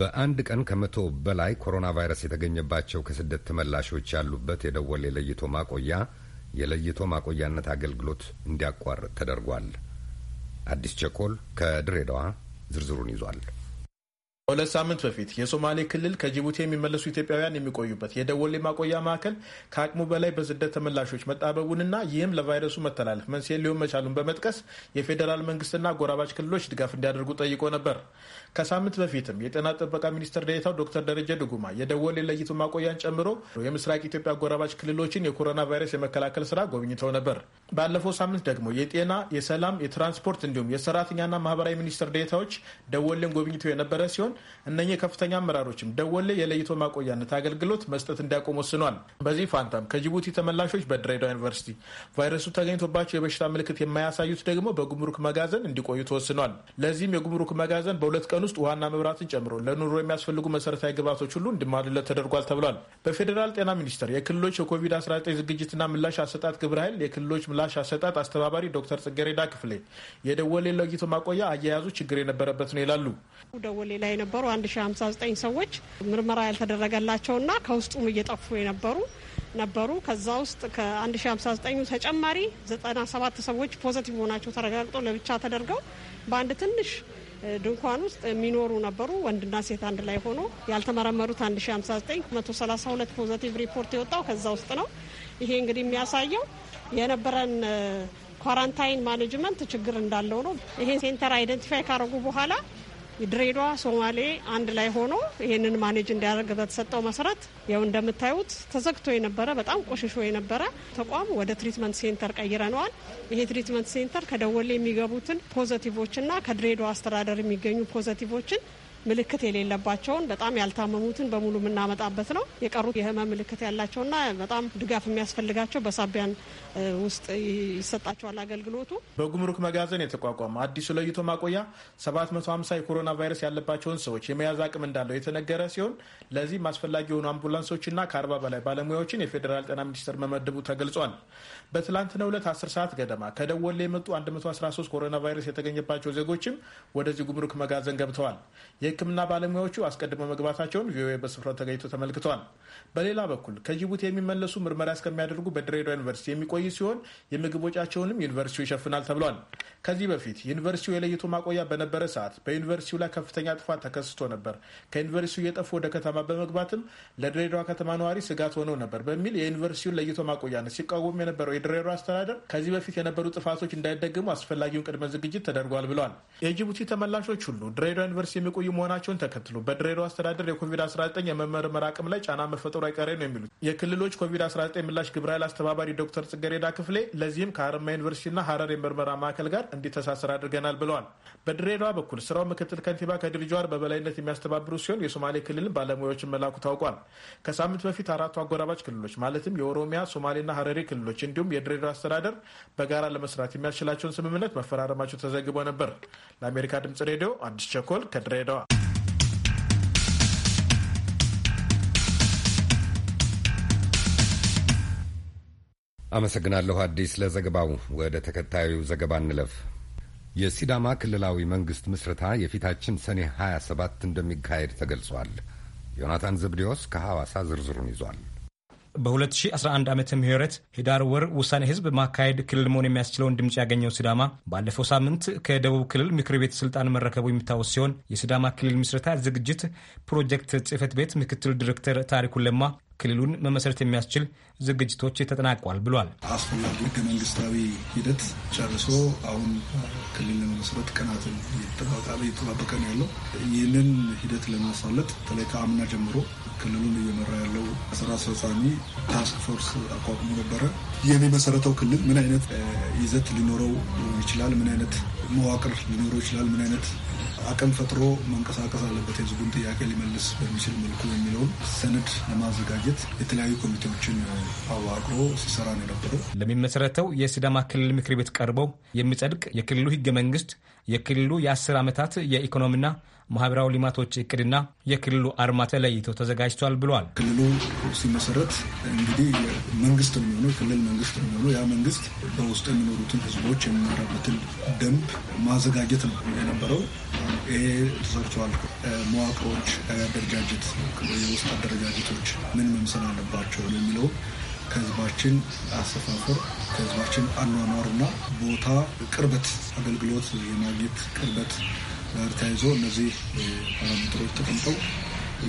በአንድ ቀን ከመቶ በላይ ኮሮና ቫይረስ የተገኘባቸው ከስደት ተመላሾች ያሉበት የደወሌ ለይቶ ማቆያ የለይቶ ማቆያነት አገልግሎት እንዲያቋርጥ ተደርጓል። አዲስ ቸኮል ከድሬዳዋ ዝርዝሩን ይዟል። ከሁለት ሳምንት በፊት የሶማሌ ክልል ከጅቡቲ የሚመለሱ ኢትዮጵያውያን የሚቆዩበት የደወሌ ማቆያ ማዕከል ከአቅሙ በላይ በስደት ተመላሾች መጣበቡንና ይህም ለቫይረሱ መተላለፍ መንስኤ ሊሆን መቻሉን በመጥቀስ የፌዴራል መንግስትና ጎራባች ክልሎች ድጋፍ እንዲያደርጉ ጠይቆ ነበር። ከሳምንት በፊትም የጤና ጥበቃ ሚኒስትር ዴኤታው ዶክተር ደረጀ ድጉማ የደወሌ ለይቱ ማቆያን ጨምሮ የምስራቅ ኢትዮጵያ ጎራባች ክልሎችን የኮሮና ቫይረስ የመከላከል ስራ ጎብኝተው ነበር። ባለፈው ሳምንት ደግሞ የጤና፣ የሰላም፣ የትራንስፖርት እንዲሁም የሰራተኛና ማህበራዊ ሚኒስትር ዴኤታዎች ደወሌን ጎብኝተው የነበረ ሲሆን እነኚህ ከፍተኛ አመራሮችም ደወሌ የለይቶ ማቆያነት አገልግሎት መስጠት እንዲያቆም ወስኗል። በዚህ ፋንታም ከጅቡቲ ተመላሾች በድሬዳዋ ዩኒቨርሲቲ ቫይረሱ ተገኝቶባቸው የበሽታ ምልክት የማያሳዩት ደግሞ በጉምሩክ መጋዘን እንዲቆዩ ተወስኗል። ለዚህም የጉምሩክ መጋዘን በሁለት ቀን ውስጥ ውሃና መብራትን ጨምሮ ለኑሮ የሚያስፈልጉ መሰረታዊ ግብዓቶች ሁሉ እንዲሟሉለት ተደርጓል ተብሏል። በፌዴራል ጤና ሚኒስቴር የክልሎች የኮቪድ-19 ዝግጅትና ምላሽ አሰጣጥ ግብረ ኃይል የክልሎች ምላሽ አሰጣጥ አስተባባሪ ዶክተር ጽጌሬዳ ክፍሌ የደወሌ ለይቶ ማቆያ አያያዙ ችግር የነበረበት ነው ይላሉ። ደወሌ ላይ የነበሩ 1059 ሰዎች ምርመራ ያልተደረገላቸውና ከውስጡም እየጠፉ የነበሩ ነበሩ። ከዛ ውስጥ ከ1059 ተጨማሪ 97 ሰዎች ፖዘቲቭ መሆናቸው ተረጋግጦ ለብቻ ተደርገው በአንድ ትንሽ ድንኳን ውስጥ የሚኖሩ ነበሩ። ወንድና ሴት አንድ ላይ ሆኖ ያልተመረመሩት 1059 132 ፖዘቲቭ ሪፖርት የወጣው ከዛ ውስጥ ነው። ይሄ እንግዲህ የሚያሳየው የነበረን ኳራንታይን ማኔጅመንት ችግር እንዳለው ነው። ይሄ ሴንተር አይደንቲፋይ ካረጉ በኋላ ድሬዳዋ፣ ሶማሌ አንድ ላይ ሆኖ ይህንን ማኔጅ እንዲያደርግ በተሰጠው መሰረት ያው እንደምታዩት ተዘግቶ የነበረ በጣም ቆሽሾ የነበረ ተቋም ወደ ትሪትመንት ሴንተር ቀይረነዋል። ይሄ ትሪትመንት ሴንተር ከደወሌ የሚገቡትን ፖዘቲቮችና ከድሬዳዋ አስተዳደር የሚገኙ ፖዘቲቮችን ምልክት የሌለባቸውን በጣም ያልታመሙትን በሙሉ የምናመጣበት ነው። የቀሩት የህመም ምልክት ያላቸውና በጣም ድጋፍ የሚያስፈልጋቸው በሳቢያን ውስጥ ይሰጣቸዋል አገልግሎቱ። በጉምሩክ መጋዘን የተቋቋመ አዲሱ ለይቶ ማቆያ 750 የኮሮና ቫይረስ ያለባቸውን ሰዎች የመያዝ አቅም እንዳለው የተነገረ ሲሆን ለዚህም አስፈላጊ የሆኑ አምቡላንሶችና ከ40 በላይ ባለሙያዎችን የፌዴራል ጤና ሚኒስቴር መመደቡ ተገልጿል። በትላንትናው ዕለት 10 ሰዓት ገደማ ከደወሌ የመጡ 113 ኮሮና ቫይረስ የተገኘባቸው ዜጎችም ወደዚህ ጉምሩክ መጋዘን ገብተዋል። የሕክምና ባለሙያዎቹ አስቀድመው መግባታቸውን ቪኦኤ በስፍራው ተገኝቶ ተመልክተዋል። በሌላ በኩል ከጅቡቲ የሚመለሱ ምርመራ እስከሚያደርጉ በድሬዳዋ ዩኒቨርሲቲ የሚቆይ የሚቆይ ሲሆን የምግብ ወጪያቸውንም ዩኒቨርሲቲው ይሸፍናል ተብሏል። ከዚህ በፊት ዩኒቨርሲቲው የለይቶ ማቆያ በነበረ ሰዓት በዩኒቨርሲቲው ላይ ከፍተኛ ጥፋት ተከስቶ ነበር። ከዩኒቨርሲቲው የጠፉ ወደ ከተማ በመግባትም ለድሬዳዋ ከተማ ነዋሪ ስጋት ሆነው ነበር በሚል የዩኒቨርሲቲውን ለይቶ ማቆያነት ሲቃወም የነበረው የድሬዳዋ አስተዳደር ከዚህ በፊት የነበሩ ጥፋቶች እንዳይደግሙ አስፈላጊውን ቅድመ ዝግጅት ተደርጓል ብሏል። የጅቡቲ ተመላሾች ሁሉ ድሬዳዋ ዩኒቨርሲቲ የሚቆዩ መሆናቸውን ተከትሎ በድሬዳዋ አስተዳደር የኮቪድ-19 የመመርመር አቅም ላይ ጫና መፈጠሩ አይቀሬ ነው የሚሉት የክልሎች ኮቪድ-19 ምላሽ ግብረ ኃይል አስተባባሪ ዶክተር ጽገሬ ጽጌረዳ ክፍሌ ለዚህም ከሀረማያ ዩኒቨርሲቲና ሀረር የምርመራ ማዕከል ጋር እንዲተሳሰር አድርገናል ብለዋል። በድሬዳዋ በኩል ስራው ምክትል ከንቲባ ከድር ጁሃር በበላይነት የሚያስተባብሩ ሲሆን የሶማሌ ክልልን ባለሙያዎችን መላኩ ታውቋል። ከሳምንት በፊት አራቱ አጎራባች ክልሎች ማለትም የኦሮሚያ ሶማሌና ሀረሪ ክልሎች እንዲሁም የድሬዳ አስተዳደር በጋራ ለመስራት የሚያስችላቸውን ስምምነት መፈራረማቸው ተዘግቦ ነበር። ለአሜሪካ ድምጽ ሬዲዮ አዲስ ቸኮል ከድሬዳዋ አመሰግናለሁ አዲስ ለዘገባው። ወደ ተከታዩ ዘገባ እንለፍ። የሲዳማ ክልላዊ መንግስት ምስረታ የፊታችን ሰኔ 27 እንደሚካሄድ ተገልጿል። ዮናታን ዘብዴዎስ ከሐዋሳ ዝርዝሩን ይዟል። በ2011 ዓ ምህረት ህዳር ወር ውሳኔ ህዝብ ማካሄድ ክልል መሆን የሚያስችለውን ድምፅ ያገኘው ሲዳማ ባለፈው ሳምንት ከደቡብ ክልል ምክር ቤት ስልጣን መረከቡ የሚታወስ ሲሆን የሲዳማ ክልል ምስረታ ዝግጅት ፕሮጀክት ጽህፈት ቤት ምክትል ዲሬክተር ታሪኩ ለማ ክልሉን መመስረት የሚያስችል ዝግጅቶች ተጠናቋል ብሏል። አስፈላጊ ህገ መንግስታዊ ሂደት ጨርሶ አሁን ክልል ለመመስረት ቀናትን እየተጠባበቀ ነው ያለው። ይህንን ሂደት ለማሳለጥ በተለይ ከአምና ጀምሮ ክልሉን እየመራ ያለው ስራ አስፈጻሚ ታስክ ፎርስ አቋቁሞ ነበረ። የኔ መሰረተው ክልል ምን አይነት ይዘት ሊኖረው ይችላል? ምን አይነት መዋቅር ሊኖረው ይችላል? ምን አይነት አቅም ፈጥሮ መንቀሳቀስ አለበት የህዝቡን ጥያቄ ሊመልስ በሚችል መልኩ የሚለውን ሰነድ ለማዘጋጀት የተለያዩ ኮሚቴዎችን አዋቅሮ ሲሰራ ነው የነበረው። ለሚመሰረተው የሲዳማ ክልል ምክር ቤት ቀርበው የሚጸድቅ የክልሉ ህገ መንግስት የክልሉ የአስር ዓመታት የኢኮኖሚና ማህበራዊ ልማቶች እቅድና የክልሉ አርማ ተለይቶ ተዘጋጅቷል ብሏል። ክልሉ ሲመሰረት እንግዲህ መንግስት የሚሆነው፣ የክልል መንግስት የሚሆነው። ያ መንግስት በውስጡ የሚኖሩትን ህዝቦች የሚመራበትን ደንብ ማዘጋጀት ነው የነበረው። ይሄ ተሰርተዋል። መዋቅሮች፣ አደረጃጀት፣ የውስጥ አደረጃጀቶች ምን መምሰል አለባቸው የሚለው ከህዝባችን አሰፋፈር ከህዝባችን አኗኗርና ቦታ ቅርበት አገልግሎት የማግኘት ቅርበት ጋር ተያይዞ እነዚህ ፓራሜትሮች ተቀምጠው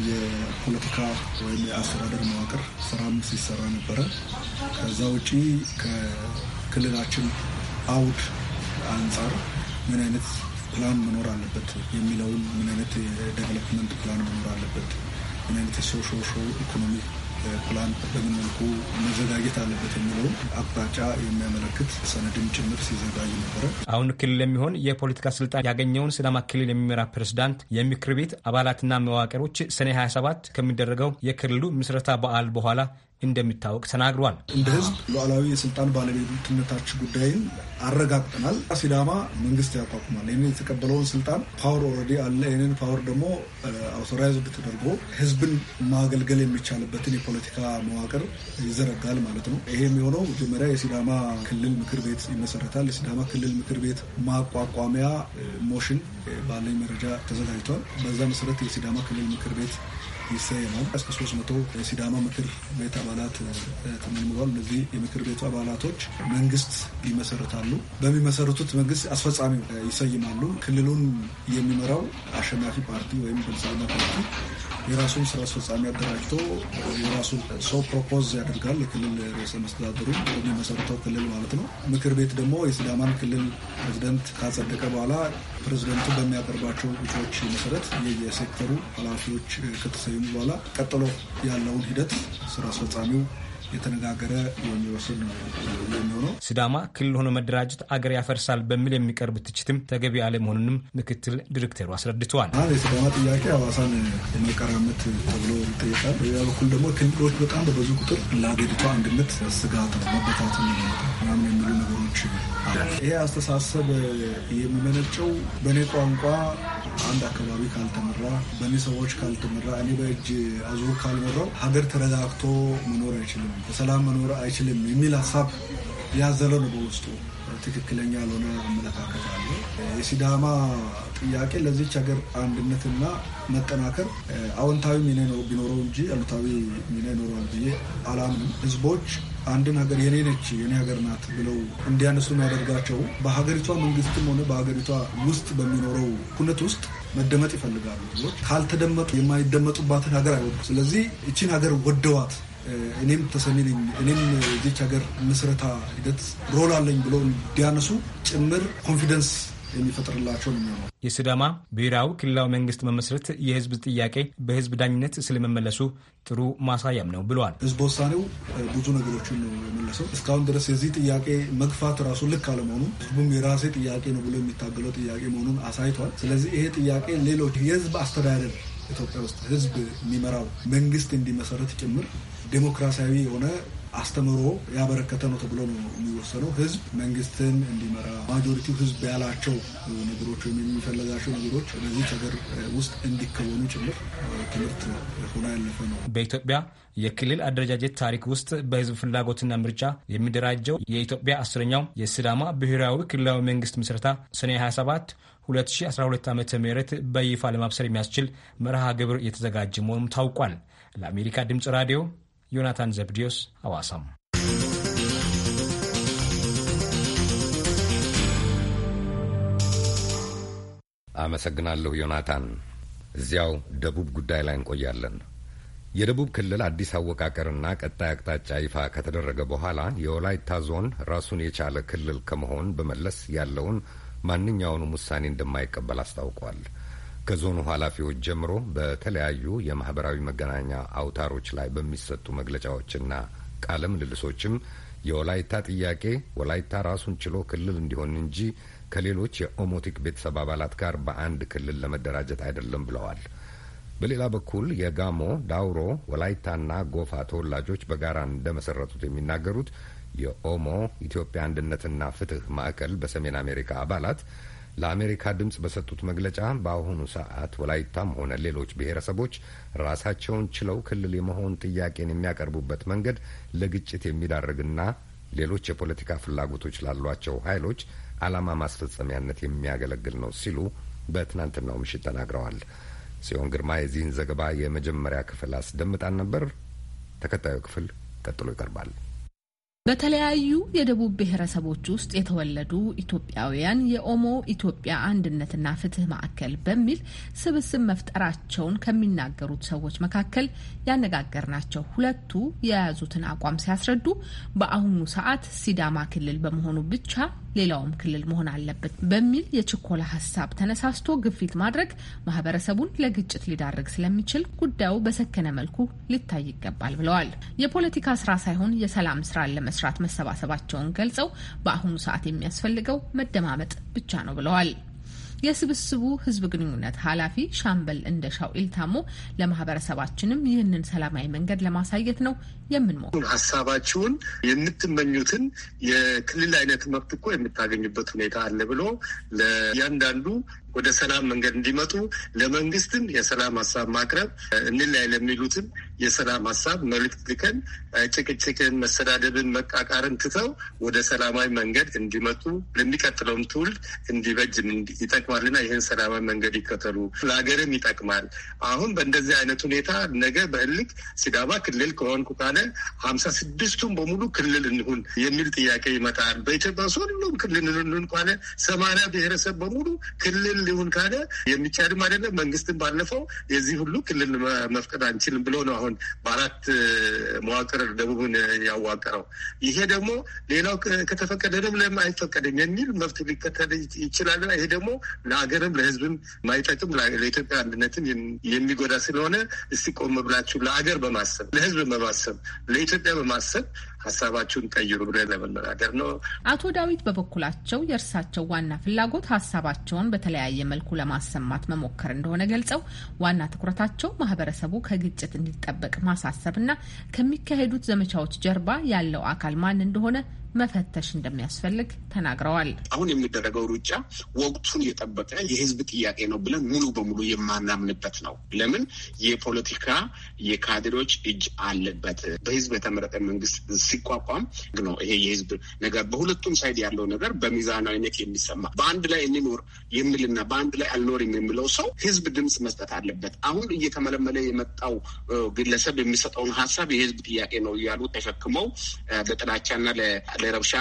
የፖለቲካ ወይም የአስተዳደር መዋቅር ስራም ሲሰራ ነበረ። ከዛ ውጪ ከክልላችን አውድ አንጻር ምን አይነት ፕላን መኖር አለበት የሚለውን ምን አይነት የዴቨሎፕመንት ፕላን መኖር አለበት ምን አይነት የሶሾ ኢኮኖሚ ፕላን በምን መልኩ መዘጋጀት አለበት የሚለውን አቅጣጫ የሚያመለክት ሰነድም ጭምር ሲዘጋጅ ነበረ። አሁን ክልል የሚሆን የፖለቲካ ስልጣን ያገኘውን ሲዳማ ክልል የሚመራ ፕሬዝዳንት የምክር ቤት አባላትና መዋቅሮች ሰኔ 27 ከሚደረገው የክልሉ ምስረታ በዓል በኋላ እንደሚታወቅ ተናግሯል። እንደ ህዝብ ሉዓላዊ የስልጣን ባለቤትነታች ጉዳይን አረጋግጠናል። ሲዳማ መንግስት ያቋቁማል። ይህንን የተቀበለውን ስልጣን ፓወር ኦልሬዲ አለ። ይህንን ፓወር ደግሞ አውቶራይዝድ ተደርጎ ህዝብን ማገልገል የሚቻልበትን የፖለቲካ መዋቅር ይዘረጋል ማለት ነው። ይሄ የሚሆነው መጀመሪያ የሲዳማ ክልል ምክር ቤት ይመሰረታል። የሲዳማ ክልል ምክር ቤት ማቋቋሚያ ሞሽን ባለኝ መረጃ ተዘጋጅቷል። በዛ መሰረት የሲዳማ ክልል ምክር ቤት ይሳይ ነው። እስከ መቶ የሲዳማ ምክር ቤት አባላት ተመልምለዋል። እነዚህ የምክር ቤቱ አባላቶች መንግስት ይመሰርታሉ። በሚመሰርቱት መንግስት አስፈጻሚ ይሰይማሉ። ክልሉን የሚመራው አሸናፊ ፓርቲ ወይም ብልጽግና ፓርቲ የራሱን ስራ አስፈጻሚ አደራጅቶ የራሱ ሰው ፕሮፖዝ ያደርጋል። የክልል ርዕሰ መስተዳድሩ የሚመሰርተው ክልል ማለት ነው። ምክር ቤት ደግሞ የሲዳማን ክልል ፕሬዚደንት ካጸደቀ በኋላ ፕሬዚደንቱ በሚያቀርባቸው እጩዎች መሰረት የየሴክተሩ ኃላፊዎች ከተሰየሙ በኋላ ቀጥሎ ያለውን ሂደት ስራ አስፈጻሚው የተነጋገረ የሚወስድ ነው የሚሆነው። ሲዳማ ክልል ሆኖ መደራጀት አገር ያፈርሳል በሚል የሚቀርብ ትችትም ተገቢ አለመሆኑንም ምክትል ዲሬክተሩ አስረድተዋል። የሲዳማ ጥያቄ ሀዋሳን የመቀራመት ተብሎ ይጠይቃል። በሌላ በኩል ደግሞ ክልሎች በጣም በብዙ ቁጥር ለሀገሪቷ አንድነት ስጋት ነው ምናምን አይችሉም። ይሄ አስተሳሰብ የሚመነጨው በእኔ ቋንቋ አንድ አካባቢ ካልተመራ፣ በእኔ ሰዎች ካልተመራ፣ እኔ በእጅ አዙር ካልመራው ሀገር ተረጋግቶ መኖር አይችልም፣ በሰላም መኖር አይችልም የሚል ሀሳብ ያዘለ ነው በውስጡ። ትክክለኛ ያልሆነ አመለካከት አለ። የሲዳማ ጥያቄ ለዚች ሀገር አንድነትና መጠናከር አዎንታዊ ሚና ቢኖረው እንጂ አሉታዊ ሚና ይኖረዋል ብዬ አላምንም። ህዝቦች አንድን ሀገር የኔ ነች የኔ ሀገር ናት ብለው እንዲያነሱ የሚያደርጋቸው በሀገሪቷ መንግስትም ሆነ በሀገሪቷ ውስጥ በሚኖረው ኩነት ውስጥ መደመጥ ይፈልጋሉ። ካልተደመጡ የማይደመጡባትን ሀገር አይወዱ። ስለዚህ እችን ሀገር ወደዋት እኔም ተሰሚ ነኝ እኔም ዚች ሀገር ምስረታ ሂደት ሮል አለኝ ብለው እንዲያነሱ ጭምር ኮንፊደንስ የሚፈጥርላቸው ነው የሚሆነው። የሲዳማ ብሔራዊ ክልላዊ መንግስት መመስረት የህዝብ ጥያቄ በህዝብ ዳኝነት ስለመመለሱ ጥሩ ማሳያም ነው ብለዋል። ህዝብ ውሳኔው ብዙ ነገሮችን ነው የመለሰው። እስካሁን ድረስ የዚህ ጥያቄ መግፋት ራሱ ልክ አለመሆኑ ህዝቡም የራሴ ጥያቄ ነው ብሎ የሚታገለው ጥያቄ መሆኑን አሳይቷል። ስለዚህ ይሄ ጥያቄ ሌሎች የህዝብ አስተዳደር ኢትዮጵያ ውስጥ ህዝብ የሚመራው መንግስት እንዲመሰረት ጭምር ዴሞክራሲያዊ የሆነ አስተምሮ ያበረከተ ነው ተብሎ ነው የሚወሰነው። ህዝብ መንግስትን እንዲመራ ማጆሪቲው ህዝብ ያላቸው ነገሮች ወይም የሚፈለጋቸው ነገሮች በዚህ ሀገር ውስጥ እንዲከወኑ ጭምር ትምህርት ሆና ያለፈ ነው። በኢትዮጵያ የክልል አደረጃጀት ታሪክ ውስጥ በህዝብ ፍላጎትና ምርጫ የሚደራጀው የኢትዮጵያ አስረኛው የስላማ ብሔራዊ ክልላዊ መንግስት ምስረታ ሰኔ 27 2012 ዓ ም በይፋ ለማብሰር የሚያስችል መርሃ ግብር የተዘጋጀ መሆኑም ታውቋል። ለአሜሪካ ድምፅ ራዲዮ ዮናታን ዘብዲዮስ ሐዋሳም አመሰግናለሁ ዮናታን። እዚያው ደቡብ ጉዳይ ላይ እንቆያለን። የደቡብ ክልል አዲስ አወቃቀርና ቀጣይ አቅጣጫ ይፋ ከተደረገ በኋላ የወላይታ ዞን ራሱን የቻለ ክልል ከመሆን በመለስ ያለውን ማንኛውንም ውሳኔ እንደማይቀበል አስታውቋል። ከዞኑ ኃላፊዎች ጀምሮ በተለያዩ የማህበራዊ መገናኛ አውታሮች ላይ በሚሰጡ መግለጫዎችና ቃለ ምልልሶችም የወላይታ ጥያቄ ወላይታ ራሱን ችሎ ክልል እንዲሆን እንጂ ከሌሎች የኦሞቲክ ቤተሰብ አባላት ጋር በአንድ ክልል ለመደራጀት አይደለም ብለዋል። በሌላ በኩል የጋሞ ዳውሮ፣ ወላይታና ጎፋ ተወላጆች በጋራ እንደመሰረቱት የሚናገሩት የኦሞ ኢትዮጵያ አንድነትና ፍትህ ማዕከል በሰሜን አሜሪካ አባላት ለአሜሪካ ድምፅ በሰጡት መግለጫ በአሁኑ ሰዓት ወላይታም ሆነ ሌሎች ብሔረሰቦች ራሳቸውን ችለው ክልል የመሆን ጥያቄን የሚያቀርቡበት መንገድ ለግጭት የሚዳርግና ሌሎች የፖለቲካ ፍላጎቶች ላሏቸው ኃይሎች ዓላማ ማስፈጸሚያነት የሚያገለግል ነው ሲሉ በትናንትናው ምሽት ተናግረዋል። ጽዮን ግርማ የዚህን ዘገባ የመጀመሪያ ክፍል አስደምጣን ነበር። ተከታዩ ክፍል ቀጥሎ ይቀርባል። በተለያዩ የደቡብ ብሔረሰቦች ውስጥ የተወለዱ ኢትዮጵያውያን የኦሞ ኢትዮጵያ አንድነትና ፍትህ ማዕከል በሚል ስብስብ መፍጠራቸውን ከሚናገሩት ሰዎች መካከል ያነጋገርናቸው ሁለቱ የያዙትን አቋም ሲያስረዱ በአሁኑ ሰዓት ሲዳማ ክልል በመሆኑ ብቻ ሌላውም ክልል መሆን አለበት በሚል የችኮላ ሀሳብ ተነሳስቶ ግፊት ማድረግ ማህበረሰቡን ለግጭት ሊዳርግ ስለሚችል ጉዳዩ በሰከነ መልኩ ሊታይ ይገባል ብለዋል። የፖለቲካ ስራ ሳይሆን የሰላም ስራን ለመስራት መሰባሰባቸውን ገልጸው በአሁኑ ሰዓት የሚያስፈልገው መደማመጥ ብቻ ነው ብለዋል። የስብስቡ ህዝብ ግንኙነት ኃላፊ ሻምበል እንደሻው ኢልታሞ ለማህበረሰባችንም ይህንን ሰላማዊ መንገድ ለማሳየት ነው የምንሞ ሀሳባችሁን የምትመኙትን የክልል አይነት መብት እኮ የምታገኙበት ሁኔታ አለ ብሎ ለእያንዳንዱ ወደ ሰላም መንገድ እንዲመጡ ለመንግስትም የሰላም ሀሳብ ማቅረብ እንላይ ለሚሉትም የሰላም ሀሳብ መልዕክት ልከን ጭቅጭቅን፣ መሰዳደብን፣ መቃቃርን ትተው ወደ ሰላማዊ መንገድ እንዲመጡ ለሚቀጥለውም ትውልድ እንዲበጅ ይጠቅማልና ይህን ሰላማዊ መንገድ ይከተሉ፣ ለሀገርም ይጠቅማል። አሁን በእንደዚህ አይነት ሁኔታ ነገ በእልክ ሲዳማ ክልል ከሆንኩ ካለ ሀምሳ ስድስቱም በሙሉ ክልል እንሁን የሚል ጥያቄ ይመጣል። በኢትዮጵያ ሁሉም ክልል እንሁን ካለ ሰማንያ ብሔረሰብ በሙሉ ክልል ክልል ሊሆን ካለ የሚቻልም አይደለም። መንግስትም ባለፈው የዚህ ሁሉ ክልል መፍቀድ አንችልም ብሎ ነው አሁን በአራት መዋቅር ደቡብን ያዋቀረው። ይሄ ደግሞ ሌላው ከተፈቀደ ለምን አይፈቀድም የሚል መብት ሊከተል ይችላል። ይሄ ደግሞ ለሀገርም ለህዝብም ማይጠቅም ለኢትዮጵያ አንድነትን የሚጎዳ ስለሆነ እስቲ ቆም ብላችሁ ለሀገር በማሰብ ለህዝብ በማሰብ ለኢትዮጵያ በማሰብ ሀሳባችሁን ቀይሩ ብለን ለመነጋገር ነው። አቶ ዳዊት በበኩላቸው የእርሳቸው ዋና ፍላጎት ሀሳባቸውን በተለያየ መልኩ ለማሰማት መሞከር እንደሆነ ገልጸው ዋና ትኩረታቸው ማህበረሰቡ ከግጭት እንዲጠበቅ ማሳሰብና ከሚካሄዱት ዘመቻዎች ጀርባ ያለው አካል ማን እንደሆነ መፈተሽ እንደሚያስፈልግ ተናግረዋል። አሁን የሚደረገው ሩጫ ወቅቱን የጠበቀ የህዝብ ጥያቄ ነው ብለን ሙሉ በሙሉ የማናምንበት ነው። ለምን የፖለቲካ የካድሬዎች እጅ አለበት። በህዝብ የተመረጠ መንግስት ሲቋቋም ነው ይሄ የህዝብ ነገር በሁለቱም ሳይድ ያለው ነገር በሚዛናዊነት የሚሰማ በአንድ ላይ እንኖር የሚልና በአንድ ላይ አልኖርም የሚለው ሰው ህዝብ ድምፅ መስጠት አለበት። አሁን እየተመለመለ የመጣው ግለሰብ የሚሰጠውን ሀሳብ የህዝብ ጥያቄ ነው እያሉ ተሸክመው ለጥላቻና ለረብሻ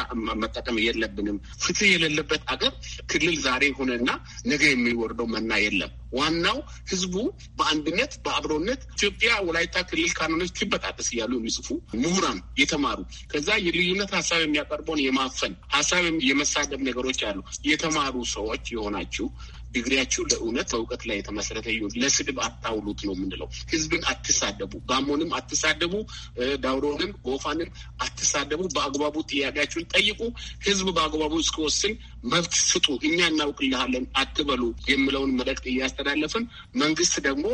መጠቀም የለብንም። ፍትህ የሌለበት አገር ክልል ዛሬ ሆነና ነገ የሚወርደው መና የለም። ዋናው ህዝቡ በአንድነት በአብሮነት ኢትዮጵያ ወላይታ ክልል ካልሆነች ትበጣጠስ እያሉ የሚጽፉ ምሁራን የተማሩ ከዛ የልዩነት ሀሳብ የሚያቀርበውን የማፈን ሀሳብ የመሳደብ ነገሮች አሉ። የተማሩ ሰዎች የሆናችሁ ዲግሪያችሁ ለእውነት እውቀት ላይ የተመሰረተ ይሁን። ለስድብ አታውሉት ነው የምንለው። ህዝብን አትሳደቡ፣ ጋሞንም አትሳደቡ፣ ዳውሮንም ጎፋንም አትሳደቡ። በአግባቡ ጥያቄያችሁን ጠይቁ። ህዝብ በአግባቡ እስክወስን መብት ስጡ፣ እኛ እናውቅልሃለን አትበሉ የሚለውን መልእክት እያስተላለፍን መንግስት ደግሞ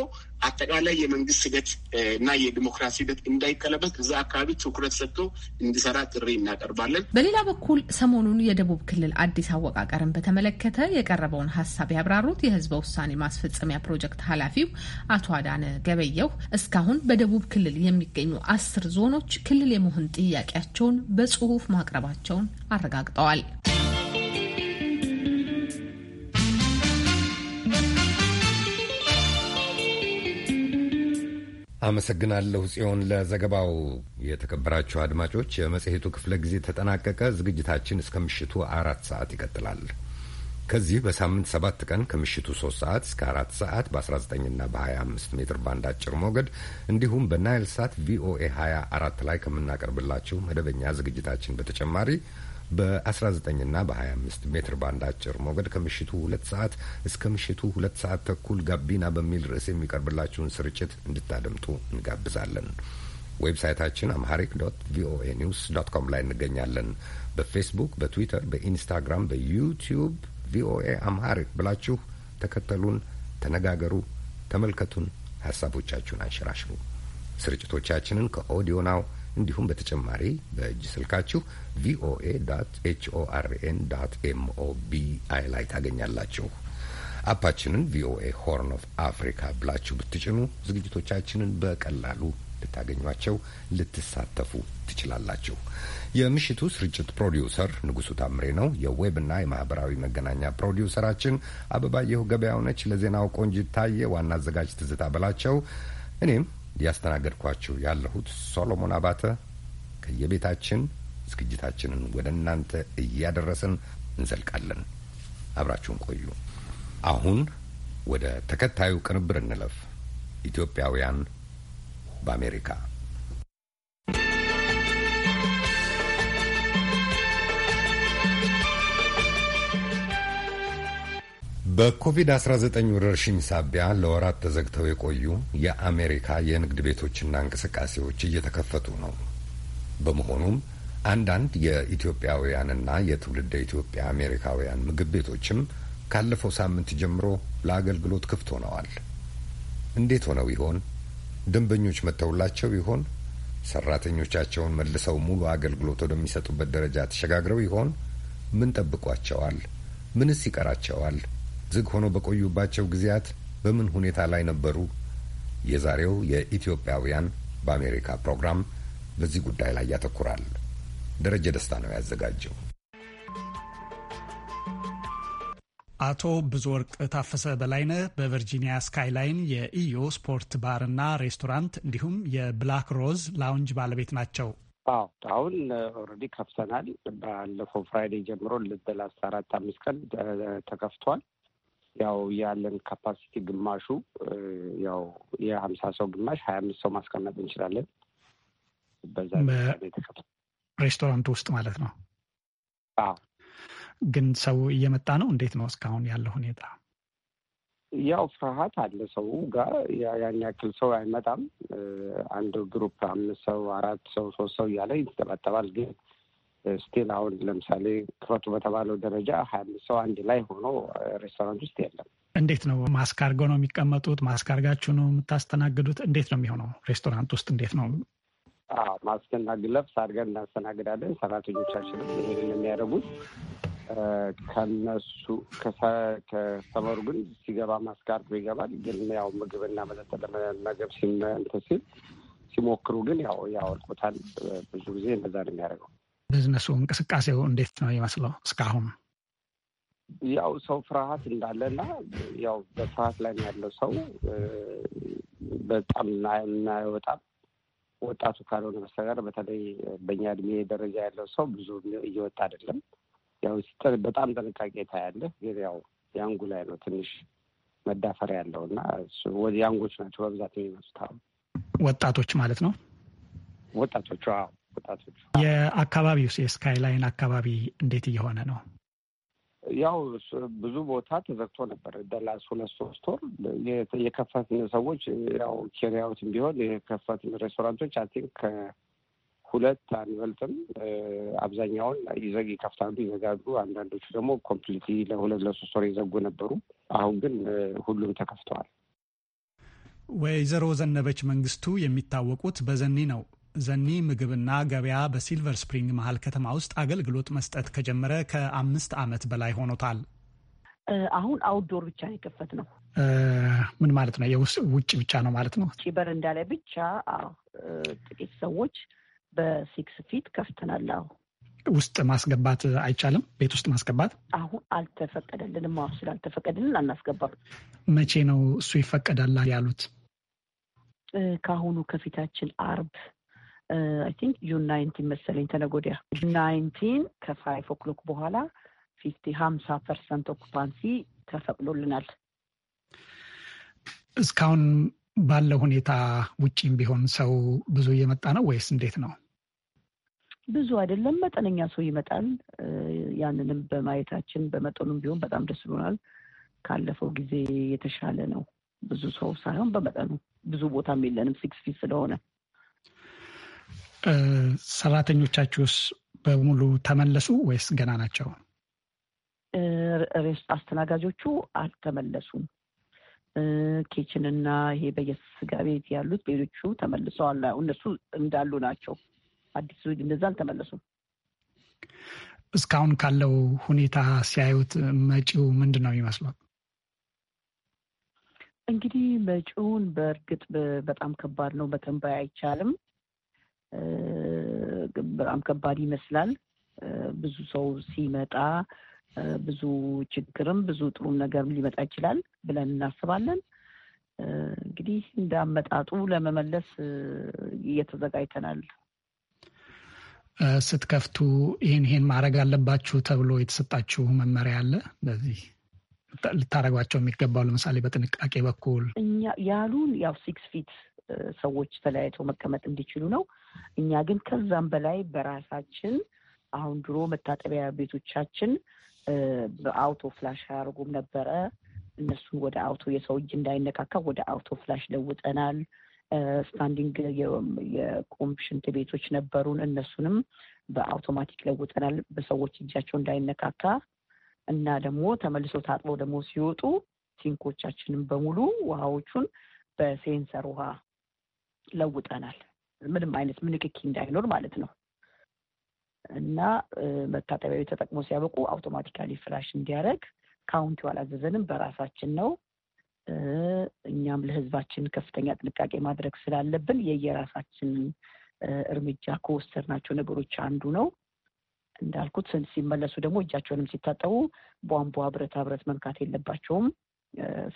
አጠቃላይ የመንግስት ሂደት እና የዲሞክራሲ ሂደት እንዳይቀለበት እዛ አካባቢ ትኩረት ሰጥቶ እንዲሰራ ጥሪ እናቀርባለን። በሌላ በኩል ሰሞኑን የደቡብ ክልል አዲስ አወቃቀርን በተመለከተ የቀረበውን ሀሳብ ያብራሩት የህዝበ ውሳኔ ማስፈጸሚያ ፕሮጀክት ኃላፊው አቶ አዳነ ገበየሁ እስካሁን በደቡብ ክልል የሚገኙ አስር ዞኖች ክልል የመሆን ጥያቄያቸውን በጽሁፍ ማቅረባቸውን አረጋግጠዋል። አመሰግናለሁ ጽዮን ለዘገባው። የተከበራችሁ አድማጮች የመጽሔቱ ክፍለ ጊዜ ተጠናቀቀ። ዝግጅታችን እስከ ምሽቱ አራት ሰዓት ይቀጥላል። ከዚህ በሳምንት ሰባት ቀን ከምሽቱ ሶስት ሰዓት እስከ አራት ሰዓት በ19ና በ25 ሜትር ባንድ አጭር ሞገድ እንዲሁም በናይል ሳት ቪኦኤ 24 ላይ ከምናቀርብላችሁ መደበኛ ዝግጅታችን በተጨማሪ በ19ና በ25 ሜትር ባንድ አጭር ሞገድ ከምሽቱ ሁለት ሰዓት እስከ ምሽቱ ሁለት ሰዓት ተኩል ጋቢና በሚል ርዕስ የሚቀርብላችሁን ስርጭት እንድታደምጡ እንጋብዛለን። ዌብሳይታችን አምሃሪክ ዶት ቪኦኤ ኒውስ ዶት ኮም ላይ እንገኛለን። በፌስቡክ፣ በትዊተር፣ በኢንስታግራም፣ በዩቲዩብ ቪኦኤ አምሃሪክ ብላችሁ ተከተሉን፣ ተነጋገሩ፣ ተመልከቱን፣ ሀሳቦቻችሁን አንሸራሽሩ። ስርጭቶቻችንን ከኦዲዮ ናው እንዲሁም በተጨማሪ በእጅ ስልካችሁ ቪኦኤ ኤችኦአርኤን ኤምኦቢአይ ላይ ታገኛላችሁ። አፓችንን ቪኦኤ ሆርን ኦፍ አፍሪካ ብላችሁ ብትጭኑ ዝግጅቶቻችንን በቀላሉ ልታገኟቸው፣ ልትሳተፉ ትችላላችሁ። የምሽቱ ስርጭት ፕሮዲውሰር ንጉሱ ታምሬ ነው። የዌብና የማህበራዊ መገናኛ ፕሮዲውሰራችን አበባየሁ ገበያው ነች። ለዜናው ቆንጅ ታየ፣ ዋና አዘጋጅ ትዝታ በላቸው፣ እኔም እያስተናገድኳችሁ ያለሁት ሶሎሞን አባተ። ከየቤታችን ዝግጅታችንን ወደ እናንተ እያደረስን እንዘልቃለን። አብራችሁን ቆዩ። አሁን ወደ ተከታዩ ቅንብር እንለፍ። ኢትዮጵያውያን በአሜሪካ በኮቪድ-19 ወረርሽኝ ሳቢያ ለወራት ተዘግተው የቆዩ የአሜሪካ የንግድ ቤቶችና እንቅስቃሴዎች እየተከፈቱ ነው። በመሆኑም አንዳንድ የኢትዮጵያውያንና የትውልደ ኢትዮጵያ አሜሪካውያን ምግብ ቤቶችም ካለፈው ሳምንት ጀምሮ ለአገልግሎት ክፍት ሆነዋል። እንዴት ሆነው ይሆን? ደንበኞች መጥተውላቸው ይሆን? ሰራተኞቻቸውን መልሰው ሙሉ አገልግሎት ወደሚሰጡበት ደረጃ ተሸጋግረው ይሆን? ምን ጠብቋቸዋል? ምንስ ይቀራቸዋል? ዝግ ሆነው በቆዩባቸው ጊዜያት በምን ሁኔታ ላይ ነበሩ? የዛሬው የኢትዮጵያውያን በአሜሪካ ፕሮግራም በዚህ ጉዳይ ላይ ያተኩራል። ደረጀ ደስታ ነው ያዘጋጀው። አቶ ብዙ ወርቅ ታፈሰ በላይነህ በቨርጂኒያ ስካይላይን የኢዮ ስፖርት ባርና ሬስቶራንት እንዲሁም የብላክ ሮዝ ላውንጅ ባለቤት ናቸው። አዎ አሁን ኦልሬዲ ከፍተናል። ባለፈው ፍራይዴ ጀምሮ ለላስት አራት አምስት ቀን ተከፍቷል። ያው ያለን ካፓሲቲ ግማሹ ያው የሀምሳ ሰው ግማሽ ሀያ አምስት ሰው ማስቀመጥ እንችላለን። በዛ ሬስቶራንቱ ውስጥ ማለት ነው። አዎ ግን ሰው እየመጣ ነው። እንዴት ነው እስካሁን ያለው ሁኔታ? ያው ፍርሃት አለ ሰው ጋር። ያን ያክል ሰው አይመጣም። አንድ ግሩፕ አምስት ሰው፣ አራት ሰው፣ ሶስት ሰው እያለ ይጠባጠባል። ግን ስቲል አሁን ለምሳሌ ክፈቱ በተባለው ደረጃ ሀያ አምስት ሰው አንድ ላይ ሆኖ ሬስቶራንት ውስጥ የለም። እንዴት ነው ማስክ አድርገው ነው የሚቀመጡት? ማስክ አድርጋችሁ ነው የምታስተናግዱት? እንዴት ነው የሚሆነው? ሬስቶራንት ውስጥ እንዴት ነው? ማስክና ግለብስ አድርገን እናስተናግዳለን። ሰራተኞቻችን ይሄንን የሚያደርጉት ከነሱ ከስተመሩ ግን ሲገባ ማስክ አድርጎ ይገባል። ግን ያው ምግብና መጠጥ ለመመገብ ሲል ሲሞክሩ ግን ያው ያወልቁታል። ብዙ ጊዜ እንደዛ ነው የሚያደርገው። ቢዝነሱ እንቅስቃሴው እንዴት ነው ይመስለው እስካሁን? ያው ሰው ፍርሃት እንዳለና ያው በፍርሃት ላይ ያለው ሰው በጣም እናየው በጣም ወጣቱ ካልሆነ በስተቀር በተለይ በእኛ እድሜ ደረጃ ያለው ሰው ብዙ እየወጣ አይደለም። ያው በጣም ጥንቃቄ ታያለህ፣ ግን ያው ያንጉ ላይ ነው ትንሽ መዳፈር ያለው እና ወዲ ያንጎች ናቸው በብዛት የሚመጡት ወጣቶች ማለት ነው። ወጣቶቹ ወጣቶች። የአካባቢው የስካይላይን አካባቢ እንዴት እየሆነ ነው? ያው ብዙ ቦታ ተዘግቶ ነበር። ደላስ ሁለት ሶስት ወር የከፈትን ሰዎች ያው ኬሪያውት ቢሆን የከፈትን ሬስቶራንቶች አይ ቲንክ ሁለት አንበልጥም። አብዛኛውን ይዘግ ይከፍታሉ፣ ይዘጋሉ። አንዳንዶቹ ደግሞ ኮምፕሊት ለሁለት ለሶስት ወር የዘጉ ነበሩ። አሁን ግን ሁሉም ተከፍተዋል። ወይዘሮ ዘነበች መንግስቱ የሚታወቁት በዘኒ ነው። ዘኒ ምግብና ገበያ በሲልቨር ስፕሪንግ መሀል ከተማ ውስጥ አገልግሎት መስጠት ከጀመረ ከአምስት ዓመት በላይ ሆኖታል። አሁን አውትዶር ብቻ ነው የከፈት ነው። ምን ማለት ነው? ውጭ ብቻ ነው ማለት ነው። በረንዳ ላይ ብቻ ጥቂት ሰዎች በሲክስ ፊት ከፍተናል። ውስጥ ማስገባት አይቻልም። ቤት ውስጥ ማስገባት አሁን አልተፈቀደልንም። አሁ ስላልተፈቀደልን አናስገባም። መቼ ነው እሱ ይፈቀዳል ያሉት? ከአሁኑ ከፊታችን አርብ አይ ቲንክ ጁን ናይንቲን መሰለኝ ተነጎዲያ ጁን ናይንቲን ከፋይቭ ኦክሎክ በኋላ ፊፍቲ ሀምሳ ፐርሰንት ኦኩፓንሲ ተፈቅዶልናል። እስካሁን ባለው ሁኔታ ውጪም ቢሆን ሰው ብዙ እየመጣ ነው ወይስ እንዴት ነው? ብዙ አይደለም፣ መጠነኛ ሰው ይመጣል። ያንንም በማየታችን በመጠኑም ቢሆን በጣም ደስ ብሎናል። ካለፈው ጊዜ የተሻለ ነው። ብዙ ሰው ሳይሆን በመጠኑ ብዙ ቦታም የለንም ሲክስ ፊት ስለሆነ ሰራተኞቻችሁስ በሙሉ ተመለሱ ወይስ ገና ናቸው? አስተናጋጆቹ አልተመለሱም። ኬችን እና ይሄ በየስጋ ቤት ያሉት ሌሎቹ ተመልሰዋል። እነሱ እንዳሉ ናቸው። አዲሱ እንደዛ አልተመለሱም። እስካሁን ካለው ሁኔታ ሲያዩት መጪው ምንድን ነው ይመስሏል? እንግዲህ መጪውን በእርግጥ በጣም ከባድ ነው፣ በተንባይ አይቻልም። በጣም ከባድ ይመስላል። ብዙ ሰው ሲመጣ ብዙ ችግርም ብዙ ጥሩም ነገር ሊመጣ ይችላል ብለን እናስባለን። እንግዲህ እንዳመጣጡ ለመመለስ እየተዘጋጅተናል። ስትከፍቱ ይህን ይህን ማድረግ አለባችሁ ተብሎ የተሰጣችሁ መመሪያ አለ? በዚህ ልታደረጓቸው የሚገባው ለምሳሌ በጥንቃቄ በኩል እኛ ያሉን ያው ሲክስ ፊት ሰዎች ተለያይተው መቀመጥ እንዲችሉ ነው። እኛ ግን ከዛም በላይ በራሳችን አሁን ድሮ መታጠቢያ ቤቶቻችን በአውቶ ፍላሽ አያርጉም ነበረ። እነሱን ወደ አውቶ የሰው እጅ እንዳይነካካ ወደ አውቶ ፍላሽ ለውጠናል። ስታንዲንግ የቁም ሽንት ቤቶች ነበሩን። እነሱንም በአውቶማቲክ ለውጠናል፣ በሰዎች እጃቸው እንዳይነካካ እና ደግሞ ተመልሶ ታጥበው ደግሞ ሲወጡ ሲንኮቻችንም በሙሉ ውሃዎቹን በሴንሰር ውሃ ለውጠናል። ምንም አይነት ምንክኪ እንዳይኖር ማለት ነው እና መታጠቢያ ቤት ተጠቅሞ ሲያበቁ አውቶማቲካሊ ፍላሽ እንዲያደርግ ካውንቲው አላዘዘንም። በራሳችን ነው። እኛም ለህዝባችን ከፍተኛ ጥንቃቄ ማድረግ ስላለብን የየራሳችን እርምጃ ናቸው ነገሮች አንዱ ነው። እንዳልኩት ሲመለሱ ደግሞ እጃቸውንም ሲታጠቡ ቧንቧ ብረታ ብረት መንካት የለባቸውም።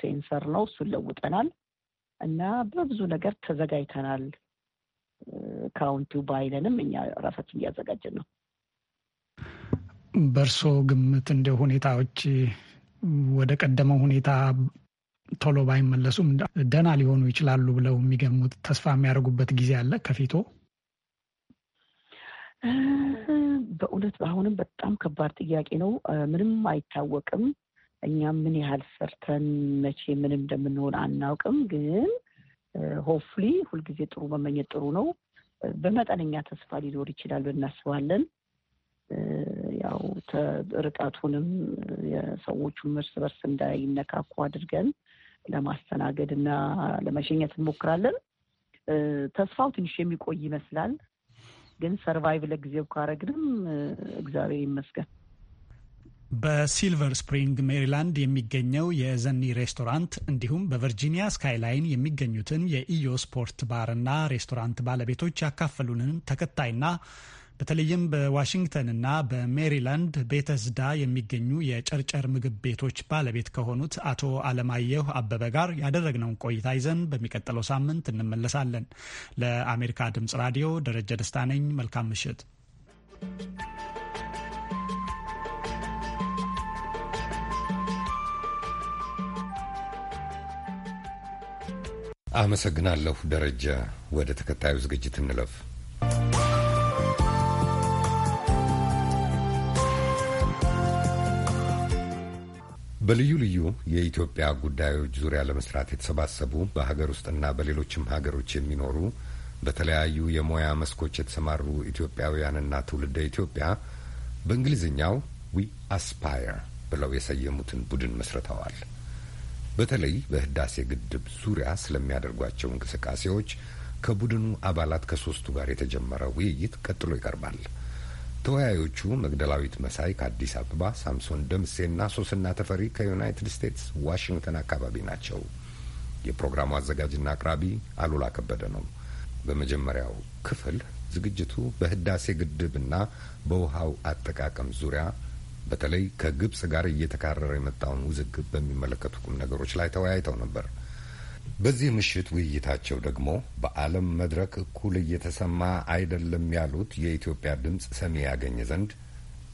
ሴንሰር ነው፣ እሱን ለውጠናል እና በብዙ ነገር ተዘጋጅተናል። ካውንቱ ባይለንም እኛ ራሳችን እያዘጋጀን ነው። በእርሶ ግምት እንደ ሁኔታዎች ወደ ቀደመው ሁኔታ ቶሎ ባይመለሱም ደህና ሊሆኑ ይችላሉ ብለው የሚገሙት ተስፋ የሚያደርጉበት ጊዜ አለ ከፊቶ? በእውነት አሁንም በጣም ከባድ ጥያቄ ነው። ምንም አይታወቅም። እኛም ምን ያህል ሰርተን መቼ ምንም እንደምንሆን አናውቅም። ግን ሆፍሊ ሁልጊዜ ጥሩ መመኘት ጥሩ ነው። በመጠነኛ ተስፋ ሊኖር ይችላል እናስባለን። ያው ርቀቱንም የሰዎቹን እርስ በርስ እንዳይነካኩ አድርገን ለማስተናገድ እና ለመሸኘት እንሞክራለን። ተስፋው ትንሽ የሚቆይ ይመስላል፣ ግን ሰርቫይቭ ለጊዜው ካረግንም እግዚአብሔር ይመስገን። በሲልቨር ስፕሪንግ ሜሪላንድ የሚገኘው የዘኒ ሬስቶራንት እንዲሁም በቨርጂኒያ ስካይላይን የሚገኙትን የኢዮ ስፖርት ባርና ሬስቶራንት ባለቤቶች ያካፈሉንን ተከታይና በተለይም በዋሽንግተንና በሜሪላንድ ቤተዝዳ የሚገኙ የጨርጨር ምግብ ቤቶች ባለቤት ከሆኑት አቶ አለማየሁ አበበ ጋር ያደረግነውን ቆይታ ይዘን በሚቀጥለው ሳምንት እንመለሳለን። ለአሜሪካ ድምጽ ራዲዮ ደረጀ ደስታ ነኝ። መልካም ምሽት። አመሰግናለሁ ደረጀ። ወደ ተከታዩ ዝግጅት እንለፍ። በልዩ ልዩ የኢትዮጵያ ጉዳዮች ዙሪያ ለመስራት የተሰባሰቡ በሀገር ውስጥና በሌሎችም ሀገሮች የሚኖሩ በተለያዩ የሙያ መስኮች የተሰማሩ ኢትዮጵያውያንና ትውልደ ኢትዮጵያ በእንግሊዝኛው ዊ አስፓየር ብለው የሰየሙትን ቡድን መስርተዋል። በተለይ በህዳሴ ግድብ ዙሪያ ስለሚያደርጓቸው እንቅስቃሴዎች ከቡድኑ አባላት ከሶስቱ ጋር የተጀመረ ውይይት ቀጥሎ ይቀርባል። ተወያዮቹ መግደላዊት መሳይ ከአዲስ አበባ፣ ሳምሶን ደምሴና ሶስና ተፈሪ ከዩናይትድ ስቴትስ ዋሽንግተን አካባቢ ናቸው። የፕሮግራሙ አዘጋጅና አቅራቢ አሉላ ከበደ ነው። በመጀመሪያው ክፍል ዝግጅቱ በህዳሴ ግድብና በውሃው አጠቃቀም ዙሪያ በተለይ ከግብጽ ጋር እየተካረረ የመጣውን ውዝግብ በሚመለከቱ ቁም ነገሮች ላይ ተወያይተው ነበር። በዚህ ምሽት ውይይታቸው ደግሞ በዓለም መድረክ እኩል እየተሰማ አይደለም ያሉት የኢትዮጵያ ድምፅ ሰሚ ያገኘ ዘንድ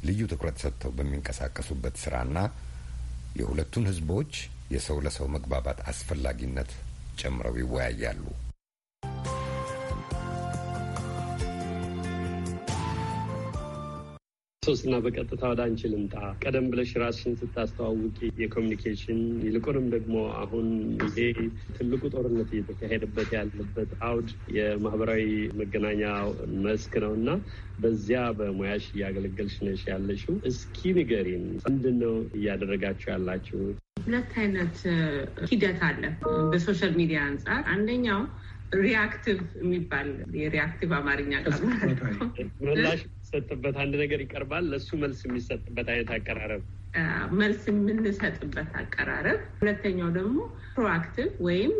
ልዩ ትኩረት ሰጥተው በሚንቀሳቀሱበት ስራና የሁለቱን ህዝቦች የሰው ለሰው መግባባት አስፈላጊነት ጨምረው ይወያያሉ። ሶስትና በቀጥታ ወደ አንቺ ልምጣ። ቀደም ብለሽ ራስሽን ስታስተዋውቂ የኮሚኒኬሽን ይልቁንም ደግሞ አሁን ይሄ ትልቁ ጦርነት እየተካሄደበት ያለበት አውድ የማህበራዊ መገናኛ መስክ ነው እና በዚያ በሙያሽ እያገለገልሽ ነሽ ያለሽው። እስኪ ንገሪን፣ ምንድን ነው እያደረጋችሁ ያላችሁ? ሁለት አይነት ሂደት አለ በሶሻል ሚዲያ አንጻር። አንደኛው ሪያክቲቭ የሚባል የሪያክቲቭ አማርኛ ቃል የሚሰጥበት አንድ ነገር ይቀርባል፣ ለእሱ መልስ የሚሰጥበት አይነት አቀራረብ መልስ የምንሰጥበት አቀራረብ። ሁለተኛው ደግሞ ፕሮአክቲቭ ወይም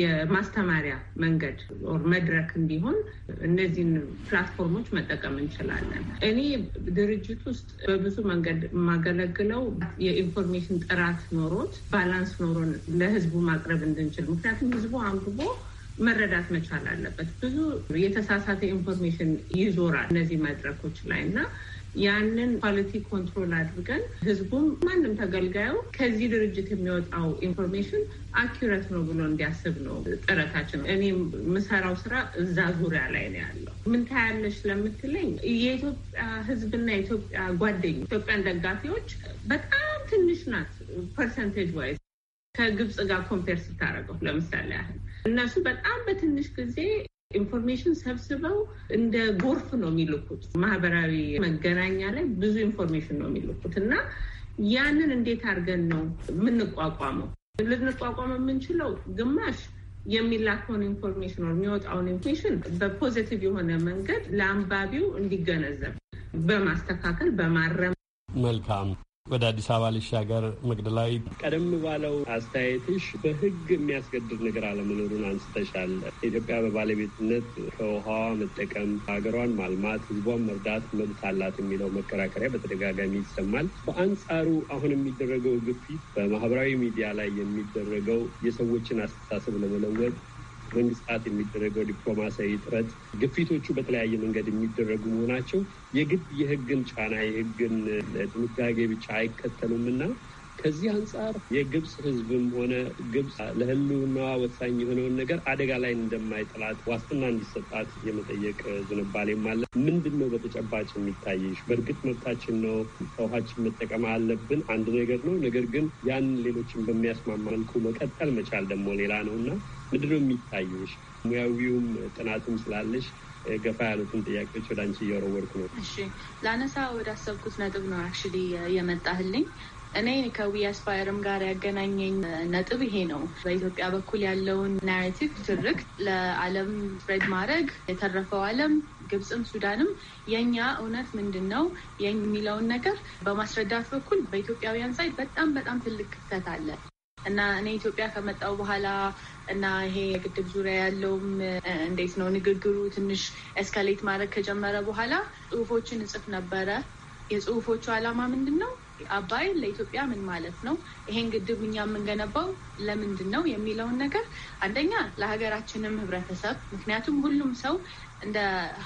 የማስተማሪያ መንገድ ኦር መድረክ እንዲሆን እነዚህን ፕላትፎርሞች መጠቀም እንችላለን። እኔ ድርጅት ውስጥ በብዙ መንገድ የማገለግለው የኢንፎርሜሽን ጥራት ኖሮት ባላንስ ኖሮን ለህዝቡ ማቅረብ እንድንችል ምክንያቱም ህዝቡ አንብቦ መረዳት መቻል አለበት። ብዙ የተሳሳተ ኢንፎርሜሽን ይዞራል እነዚህ መድረኮች ላይ እና ያንን ኳሊቲ ኮንትሮል አድርገን ህዝቡም ማንም ተገልጋዩ ከዚህ ድርጅት የሚወጣው ኢንፎርሜሽን አኪረት ነው ብሎ እንዲያስብ ነው ጥረታችን። እኔ የምሰራው ስራ እዛ ዙሪያ ላይ ነው ያለው። ምን ታያለሽ ለምትለኝ የኢትዮጵያ ህዝብና የኢትዮጵያ ጓደኞች ኢትዮጵያን ደጋፊዎች በጣም ትንሽ ናት ፐርሰንቴጅ ዋይዝ ከግብፅ ጋር ኮምፔር ስታደርገው ለምሳሌ ያህል እነሱ በጣም በትንሽ ጊዜ ኢንፎርሜሽን ሰብስበው እንደ ጎርፍ ነው የሚልኩት። ማህበራዊ መገናኛ ላይ ብዙ ኢንፎርሜሽን ነው የሚልኩት እና ያንን እንዴት አድርገን ነው የምንቋቋመው? ልንቋቋመው የምንችለው ግማሽ የሚላከውን ኢንፎርሜሽን የሚወጣውን ኢንፎርሜሽን በፖዘቲቭ የሆነ መንገድ ለአንባቢው እንዲገነዘብ በማስተካከል በማረም መልካም ወደ አዲስ አበባ ልሻገር። መግደላዊ፣ ቀደም ባለው አስተያየትሽ በህግ የሚያስገድድ ነገር አለመኖሩን አንስተሻል። ኢትዮጵያ በባለቤትነት ከውሃዋ መጠቀም፣ ሀገሯን ማልማት፣ ህዝቧን መርዳት መብት አላት የሚለው መከራከሪያ በተደጋጋሚ ይሰማል። በአንጻሩ አሁን የሚደረገው ግፊት፣ በማህበራዊ ሚዲያ ላይ የሚደረገው የሰዎችን አስተሳሰብ ለመለወጥ መንግስታት የሚደረገው ዲፕሎማሲያዊ ጥረት፣ ግፊቶቹ በተለያየ መንገድ የሚደረጉ መሆናቸው የግድ የህግን ጫና የህግን ድንጋጌ ብቻ አይከተሉም እና ከዚህ አንጻር የግብፅ ህዝብም ሆነ ግብፅ ለህልውናዋ ወሳኝ የሆነውን ነገር አደጋ ላይ እንደማይጥላት ዋስትና እንዲሰጣት የመጠየቅ ዝንባሌም አለ። ምንድን ነው በተጨባጭ የሚታይሽ? በእርግጥ መብታችን ነው፣ ውሃችን መጠቀም አለብን አንድ ነገር ነው። ነገር ግን ያን ሌሎችን በሚያስማማ መልኩ መቀጠል መቻል ደግሞ ሌላ ነው እና ምንድነው የሚታይሽ? ሙያዊውም ጥናትም ስላለሽ ገፋ ያሉትን ጥያቄዎች ወደ አንቺ እየወረወርኩ ነው። እሺ ላነሳ ነጥብ ነው አክቹዋሊ የመጣህልኝ። እኔ ከዊ አስፓየርም ጋር ያገናኘኝ ነጥብ ይሄ ነው። በኢትዮጵያ በኩል ያለውን ናሬቲቭ ትርክ ለዓለም ስፕሬድ ማድረግ የተረፈው ዓለም ግብፅም ሱዳንም የኛ እውነት ምንድን ነው የሚለውን ነገር በማስረዳት በኩል በኢትዮጵያውያን ሳይድ በጣም በጣም ትልቅ ክፍተት አለ እና እኔ ኢትዮጵያ ከመጣው በኋላ እና ይሄ የግድብ ዙሪያ ያለውም እንዴት ነው ንግግሩ ትንሽ ኤስካሌት ማድረግ ከጀመረ በኋላ ጽሁፎችን እጽፍ ነበረ። የጽሁፎቹ ዓላማ ምንድን ነው? አባይ ለኢትዮጵያ ምን ማለት ነው፣ ይሄን ግድብ እኛ የምንገነባው ለምንድን ነው የሚለውን ነገር አንደኛ ለሀገራችንም ህብረተሰብ፣ ምክንያቱም ሁሉም ሰው እንደ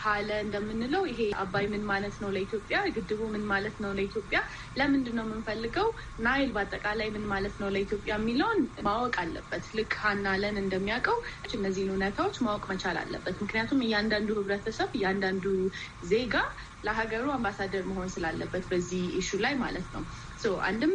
ሀለ እንደምንለው ይሄ አባይ ምን ማለት ነው ለኢትዮጵያ፣ ግድቡ ምን ማለት ነው ለኢትዮጵያ፣ ለምንድን ነው የምንፈልገው፣ ናይል በአጠቃላይ ምን ማለት ነው ለኢትዮጵያ የሚለውን ማወቅ አለበት። ልክ ሀና ለን እንደሚያውቀው እነዚህን እውነታዎች ማወቅ መቻል አለበት። ምክንያቱም እያንዳንዱ ህብረተሰብ፣ እያንዳንዱ ዜጋ ለሀገሩ አምባሳደር መሆን ስላለበት በዚህ ኢሹ ላይ ማለት ነው። አንድም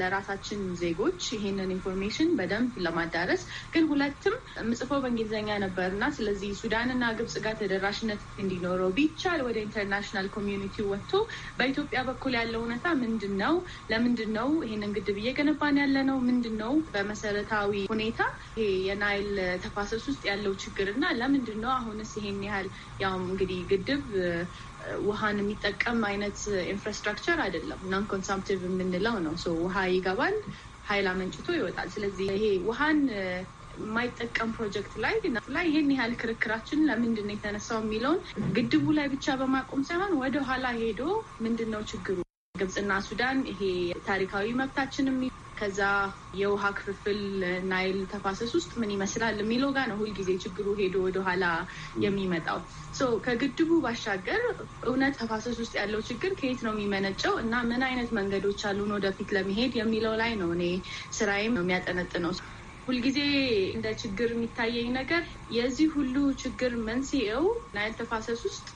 ለራሳችን ዜጎች ይሄንን ኢንፎርሜሽን በደንብ ለማዳረስ ግን፣ ሁለትም ምጽፈው በእንግሊዝኛ ነበር እና ስለዚህ ሱዳንና ግብጽ ጋር ተደራሽነት እንዲኖረው ቢቻል ወደ ኢንተርናሽናል ኮሚዩኒቲ ወጥቶ በኢትዮጵያ በኩል ያለው እውነታ ምንድን ነው? ለምንድን ነው ይሄንን ግድብ እየገነባን ያለ ነው? ምንድን ነው በመሰረታዊ ሁኔታ ይሄ የናይል ተፋሰስ ውስጥ ያለው ችግር እና ለምንድን ነው አሁንስ ይሄን ያህል ያው እንግዲህ ግድብ ውሃን የሚጠቀም አይነት ኢንፍራስትራክቸር አይደለም። ናን ኮንሳምፕቲቭ የምንለው ነው። ውሃ ይገባል፣ ሀይል አመንጭቶ ይወጣል። ስለዚህ ይሄ ውሃን የማይጠቀም ፕሮጀክት ላይ ላይ ይህን ያህል ክርክራችን ለምንድን ነው የተነሳው የሚለውን ግድቡ ላይ ብቻ በማቆም ሳይሆን ወደ ኋላ ሄዶ ምንድን ነው ችግሩ ግብፅና ሱዳን ይሄ ታሪካዊ መብታችን ከዛ የውሃ ክፍፍል ናይል ተፋሰስ ውስጥ ምን ይመስላል የሚለው ጋር ነው ሁልጊዜ ችግሩ ሄዶ ወደኋላ የሚመጣው። ከግድቡ ባሻገር እውነት ተፋሰስ ውስጥ ያለው ችግር ከየት ነው የሚመነጨው እና ምን አይነት መንገዶች አሉን ወደፊት ለመሄድ የሚለው ላይ ነው እኔ ስራዬም ነው የሚያጠነጥነው። ሁልጊዜ እንደ ችግር የሚታየኝ ነገር የዚህ ሁሉ ችግር መንስኤው ናይል ተፋሰስ ውስጥ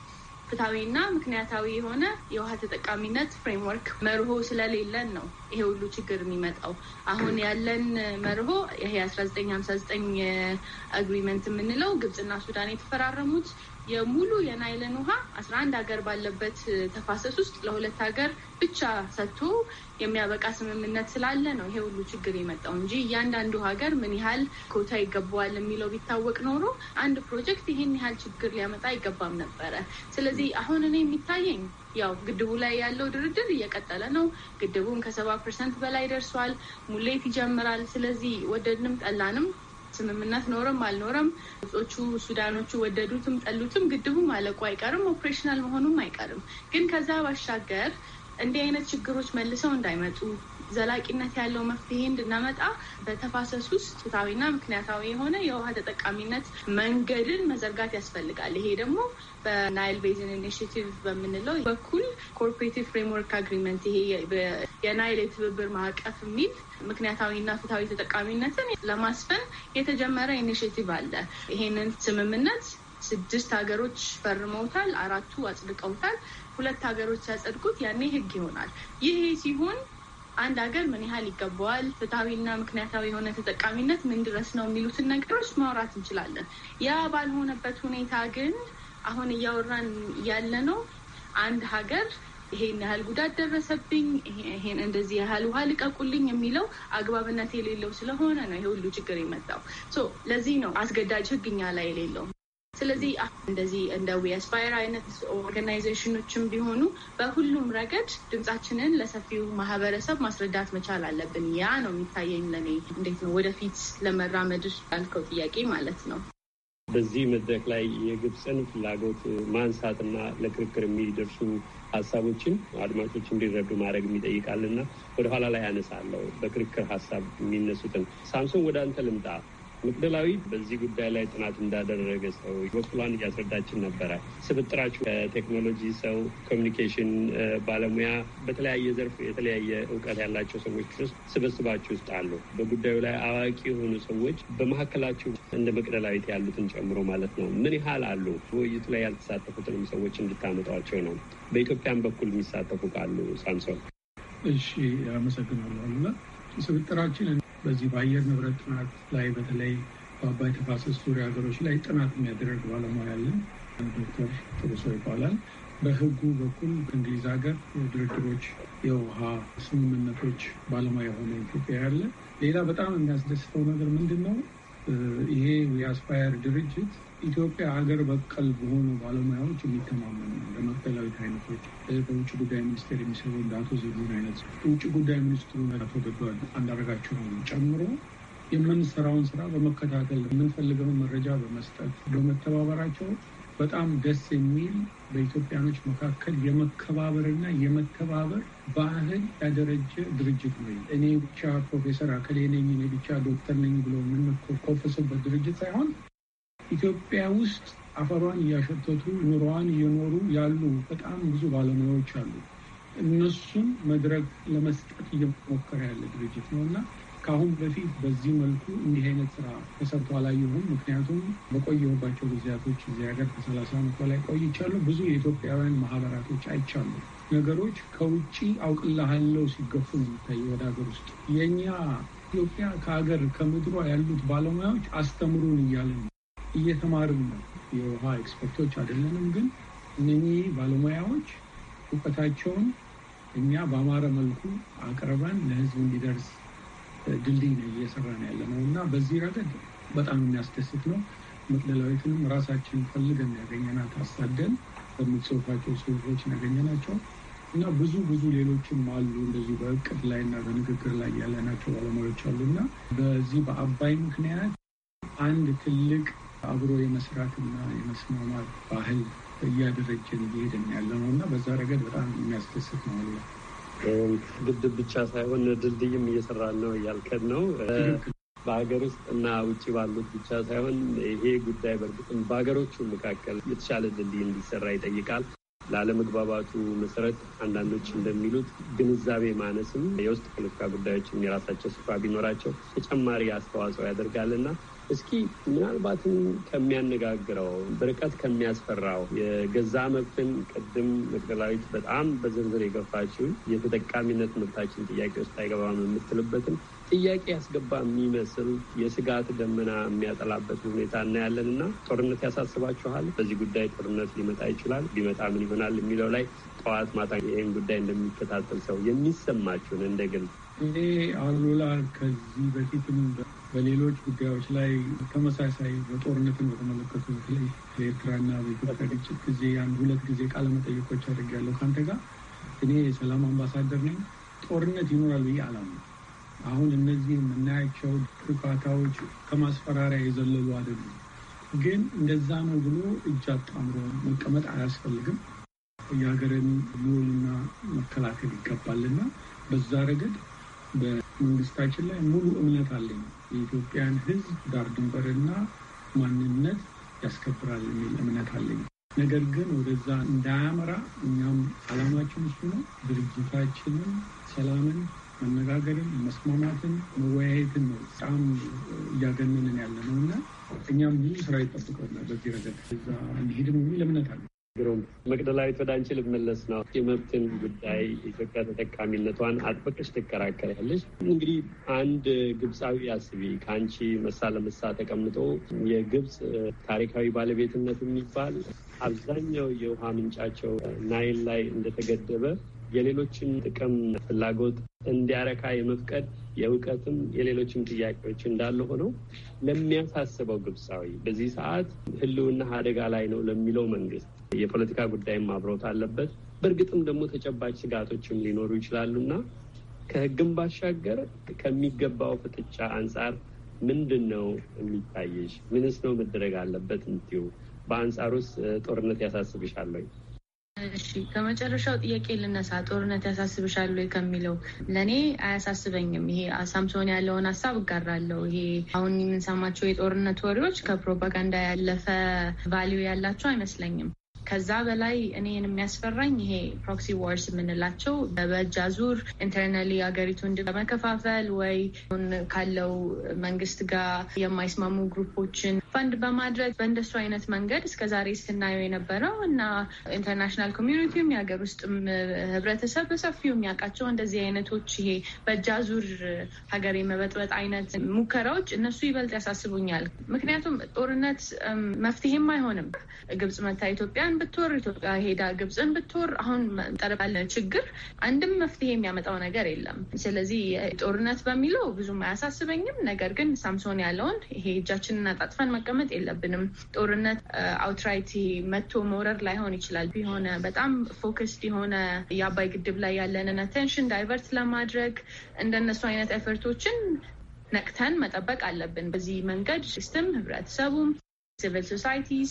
ፍትሐዊና ምክንያታዊ የሆነ የውሃ ተጠቃሚነት ፍሬምወርክ መርሆ ስለሌለን ነው ይሄ ሁሉ ችግር የሚመጣው። አሁን ያለን መርሆ ይሄ አስራ ዘጠኝ ሀምሳ ዘጠኝ አግሪመንት የምንለው ግብጽና ሱዳን የተፈራረሙት የሙሉ የናይልን ውሃ አስራ አንድ ሀገር ባለበት ተፋሰስ ውስጥ ለሁለት ሀገር ብቻ ሰጥቶ የሚያበቃ ስምምነት ስላለ ነው ይሄ ሁሉ ችግር የመጣው እንጂ እያንዳንዱ ሀገር ምን ያህል ኮታ ይገባዋል የሚለው ቢታወቅ ኖሮ አንድ ፕሮጀክት ይህን ያህል ችግር ሊያመጣ አይገባም ነበረ። ስለዚህ አሁን እኔ የሚታየኝ ያው ግድቡ ላይ ያለው ድርድር እየቀጠለ ነው። ግድቡም ከሰባ ፐርሰንት በላይ ደርሷል። ሙሌት ይጀምራል። ስለዚህ ወደድንም ጠላንም ስምምነት ኖረም አልኖረም ግብጾቹ፣ ሱዳኖቹ ወደዱትም ጠሉትም ግድቡ ማለቁ አይቀርም፣ ኦፕሬሽናል መሆኑም አይቀርም። ግን ከዛ ባሻገር እንዲህ አይነት ችግሮች መልሰው እንዳይመጡ ዘላቂነት ያለው መፍትሄ እንድናመጣ በተፋሰስ ውስጥ ፍትሐዊና ምክንያታዊ የሆነ የውሃ ተጠቃሚነት መንገድን መዘርጋት ያስፈልጋል። ይሄ ደግሞ በናይል ቤዝን ኢኒሽቲቭ በምንለው በኩል ኮርፖሬቲቭ ፍሬምወርክ አግሪመንት ይሄ የናይል የትብብር ማዕቀፍ የሚል ምክንያታዊና ፍትሐዊ ተጠቃሚነትን ለማስፈን የተጀመረ ኢኒሽቲቭ አለ። ይሄንን ስምምነት ስድስት ሀገሮች ፈርመውታል፣ አራቱ አጽድቀውታል። ሁለት ሀገሮች ያጸድቁት ያኔ ህግ ይሆናል። ይሄ ሲሆን አንድ ሀገር ምን ያህል ይገባዋል፣ ፍትሐዊና ምክንያታዊ የሆነ ተጠቃሚነት ምን ድረስ ነው የሚሉትን ነገሮች ማውራት እንችላለን። ያ ባልሆነበት ሁኔታ ግን አሁን እያወራን ያለ ነው አንድ ሀገር ይሄን ያህል ጉዳት ደረሰብኝ፣ ይሄን እንደዚህ ያህል ውሃ ልቀቁልኝ የሚለው አግባብነት የሌለው ስለሆነ ነው ይሄ ሁሉ ችግር የመጣው። ለዚህ ነው አስገዳጅ ሕግ እኛ ላይ የሌለው። ስለዚህ እንደዚህ እንደ ዊስፋየር አይነት ኦርጋናይዜሽኖችም ቢሆኑ በሁሉም ረገድ ድምጻችንን ለሰፊው ማህበረሰብ ማስረዳት መቻል አለብን። ያ ነው የሚታየኝ ለኔ። እንዴት ነው ወደፊት ለመራመድ ያልከው ጥያቄ ማለት ነው። በዚህ መድረክ ላይ የግብፅን ፍላጎት ማንሳትና ለክርክር የሚደርሱ ሀሳቦችን አድማጮች እንዲረዱ ማድረግ የሚጠይቃልና ወደኋላ ላይ ያነሳለው በክርክር ሀሳብ የሚነሱትን። ሳምሶን ወደ አንተ ልምጣ። መቅደላዊት በዚህ ጉዳይ ላይ ጥናት እንዳደረገ ሰው በኩሏን እያስረዳችን ነበረ። ስብጥራችሁ ከቴክኖሎጂ ሰው፣ ኮሚኒኬሽን ባለሙያ፣ በተለያየ ዘርፍ የተለያየ እውቀት ያላቸው ሰዎች ውስጥ ስብስባችሁ ውስጥ አሉ። በጉዳዩ ላይ አዋቂ የሆኑ ሰዎች በመካከላችሁ እንደ መቅደላዊት ያሉትን ጨምሮ ማለት ነው ምን ያህል አሉ? ውይይቱ ላይ ያልተሳተፉትንም ሰዎች እንድታመጧቸው ነው። በኢትዮጵያን በኩል የሚሳተፉ ካሉ ሳምሶን። እሺ፣ አመሰግናለሁ። ስብጥራችን በዚህ በአየር ንብረት ጥናት ላይ በተለይ በአባይ ተፋሰስ ዙሪያ ሀገሮች ላይ ጥናት የሚያደርግ ባለሙያ ያለን ዶክተር ጥሩሶ ይባላል። በህጉ በኩል ከእንግሊዝ ሀገር ድርድሮች፣ የውሃ ስምምነቶች ባለሙያ የሆነ ኢትዮጵያ ያለ። ሌላ በጣም የሚያስደስተው ነገር ምንድን ነው? ይሄ የአስፓየር ድርጅት ኢትዮጵያ ሀገር በቀል በሆኑ ባለሙያዎች የሚተማመኑ ለማዕከላዊት አይነቶች በውጭ ጉዳይ ሚኒስቴር የሚሰሩ እንደ አቶ ዘዱን አይነት ውጭ ጉዳይ ሚኒስትሩ አቶ ገዱ አንዳርጋቸውን ጨምሮ የምንሰራውን ስራ በመከታተል የምንፈልገውን መረጃ በመስጠት በመተባበራቸው በጣም ደስ የሚል በኢትዮጵያኖች መካከል የመከባበርና የመተባበር ባህል ያደረጀ ድርጅት ነው። እኔ ብቻ ፕሮፌሰር አከሌ ነኝ፣ እኔ ብቻ ዶክተር ነኝ ብሎ የምንኮፈስበት ድርጅት ሳይሆን ኢትዮጵያ ውስጥ አፈሯን እያሸተቱ ኑሮዋን እየኖሩ ያሉ በጣም ብዙ ባለሙያዎች አሉ። እነሱን መድረክ ለመስጠት እየሞከረ ያለ ድርጅት ነው እና ከአሁን በፊት በዚህ መልኩ እንዲህ አይነት ስራ ተሰርቶ አላየሁም። ምክንያቱም በቆየሁባቸው ጊዜያቶች እዚህ ሀገር ከሰላሳ ዓመት በላይ ቆይቻለሁ። ብዙ የኢትዮጵያውያን ማህበራቶች አይቻሉ። ነገሮች ከውጭ አውቅልሃለሁ ሲገፉ ነው የሚታየው ወደ ሀገር ውስጥ። የእኛ ኢትዮጵያ ከሀገር ከምድሯ ያሉት ባለሙያዎች አስተምሩን እያለ ነው እየተማርን ነው። የውሃ ኤክስፐርቶች አይደለንም፣ ግን እነኚህ ባለሙያዎች እውቀታቸውን እኛ በአማረ መልኩ አቅርበን ለህዝብ እንዲደርስ ድልድይ ነው እየሰራ ነው ያለ ነው እና በዚህ ረገድ በጣም የሚያስደስት ነው። መቅደላዊትንም ራሳችን ፈልገን ያገኘናት አሳደን በምጽሁፋቸው ጽሁፎች ያገኘናቸው እና ብዙ ብዙ ሌሎችም አሉ እንደዚሁ በእቅድ ላይ እና በንግግር ላይ ያለናቸው ባለሙያዎች አሉ እና በዚህ በአባይ ምክንያት አንድ ትልቅ አብሮ የመስራትና የመስማማት ባህል እያደረጀን እየሄደን ያለ ነው እና በዛ ረገድ በጣም የሚያስደስት ነው አለ ግድብ ብቻ ሳይሆን ድልድይም እየሰራን ነው እያልከን ነው። በሀገር ውስጥ እና ውጭ ባሉት ብቻ ሳይሆን ይሄ ጉዳይ በእርግጥም በሀገሮቹ መካከል የተሻለ ድልድይ እንዲሰራ ይጠይቃል። ላለመግባባቱ መሰረት አንዳንዶች እንደሚሉት ግንዛቤ ማነስም የውስጥ ፖለቲካ ጉዳዮችም የራሳቸው ስፍራ ቢኖራቸው ተጨማሪ አስተዋጽኦ ያደርጋልና እስኪ ምናልባትም ከሚያነጋግረው በርቀት ከሚያስፈራው የገዛ መብትን ቅድም መቅደላዊት በጣም በዝርዝር የገፋችው የተጠቃሚነት መብታችን ጥያቄ ውስጥ አይገባም የምትልበትን ጥያቄ ያስገባ የሚመስል የስጋት ደመና የሚያጠላበት ሁኔታ እናያለን እና ጦርነት ያሳስባችኋል? በዚህ ጉዳይ ጦርነት ሊመጣ ይችላል፣ ቢመጣ ምን ይሆናል የሚለው ላይ ጠዋት ማታ ይህን ጉዳይ እንደሚከታተል ሰው የሚሰማችሁን እንደግል እኔ አሉላ ከዚህ በፊትም በሌሎች ጉዳዮች ላይ ተመሳሳይ በጦርነትን በተመለከቱ በተለይ በኤርትራና በኢትዮጵያ ግጭት ጊዜ አንድ ሁለት ጊዜ ቃለ መጠይቆች አድርጌያለሁ ከአንተ ጋር። እኔ የሰላም አምባሳደር ነኝ፣ ጦርነት ይኖራል ብዬ አላምንም። አሁን እነዚህ የምናያቸው እርካታዎች ከማስፈራሪያ የዘለሉ አይደሉም። ግን እንደዛ ነው ብሎ እጅ አጣምሮ መቀመጥ አያስፈልግም። የሀገርን ልዑልና መከላከል ይገባልና በዛ ረገድ በመንግስታችን ላይ ሙሉ እምነት አለኝ። የኢትዮጵያን ሕዝብ ዳር ድንበርና ማንነት ያስከብራል የሚል እምነት አለኝ። ነገር ግን ወደዛ እንዳያመራ እኛም አላማችን እሱ ነው። ድርጅታችንም ሰላምን፣ መነጋገርን፣ መስማማትን፣ መወያየትን ነው በጣም እያገነንን ያለ ነው እና እኛም ብዙ ስራ ይጠብቀውና በዚህ ረገድ እዛ እንሄድም የሚል እምነት አለ። ግሩም መቅደላዊት፣ ወደ አንቺ ልመለስ ነው። የመብትን ጉዳይ ኢትዮጵያ ተጠቃሚነቷን አጥብቀሽ ትከራከሪያለሽ። እንግዲህ አንድ ግብፃዊ አስቢ ከአንቺ መሳ ለመሳ ተቀምጦ የግብፅ ታሪካዊ ባለቤትነት የሚባል አብዛኛው የውሃ ምንጫቸው ናይል ላይ እንደተገደበ የሌሎችን ጥቅም ፍላጎት እንዲያረካ የመፍቀድ የእውቀትም የሌሎችም ጥያቄዎች እንዳለ ሆነው ለሚያሳስበው ግብፃዊ በዚህ ሰዓት ሕልውና አደጋ ላይ ነው ለሚለው መንግስት የፖለቲካ ጉዳይም አብሮት አለበት። በእርግጥም ደግሞ ተጨባጭ ስጋቶችም ሊኖሩ ይችላሉና ከህግም ባሻገር ከሚገባው ፍጥጫ አንጻር ምንድን ነው የሚታየሽ? ምንስ ነው መደረግ አለበት? እንዲሁ በአንጻር ውስጥ ጦርነት ያሳስብሻል ወይ? እሺ ከመጨረሻው ጥያቄ ልነሳ። ጦርነት ያሳስብሻል ወይ ከሚለው ለእኔ አያሳስበኝም። ይሄ ሳምሶን ያለውን ሀሳብ እጋራለሁ። ይሄ አሁን የምንሰማቸው የጦርነት ወሬዎች ከፕሮፓጋንዳ ያለፈ ቫሊዩ ያላቸው አይመስለኝም። ከዛ በላይ እኔን የሚያስፈራኝ ይሄ ፕሮክሲ ዋርስ የምንላቸው በእጅ አዙር ኢንተርናሊ ሀገሪቱን በመከፋፈል ወይ ካለው መንግስት ጋር የማይስማሙ ግሩፖችን ፈንድ በማድረግ በእንደሱ አይነት መንገድ እስከዛሬ ስናየው የነበረው እና ኢንተርናሽናል ኮሚዩኒቲም የሀገር ውስጥም ህብረተሰብ በሰፊው የሚያውቃቸው እንደዚህ አይነቶች ይሄ በእጅ አዙር ሀገር የመበጥበጥ አይነት ሙከራዎች እነሱ ይበልጥ ያሳስቡኛል። ምክንያቱም ጦርነት መፍትሄም አይሆንም። ግብጽ መታ ኢትዮጵያን ሱዳንን ብትወር ኢትዮጵያ ሄዳ ግብፅን ብትወር አሁን ጠረጴዛ ችግር አንድም መፍትሄ የሚያመጣው ነገር የለም። ስለዚህ ጦርነት በሚለው ብዙም አያሳስበኝም። ነገር ግን ሳምሶን ያለውን ይሄ እጃችንን አጣጥፈን መቀመጥ የለብንም። ጦርነት አውትራይት መቶ መውረር ላይሆን ይችላል። ቢሆነ በጣም ፎከስድ የሆነ የአባይ ግድብ ላይ ያለንን አቴንሽን ዳይቨርት ለማድረግ እንደነሱ አይነት ኤፈርቶችን ነቅተን መጠበቅ አለብን። በዚህ መንገድ ሲስተም ህብረተሰቡም ሲቪል ሶሳይቲስ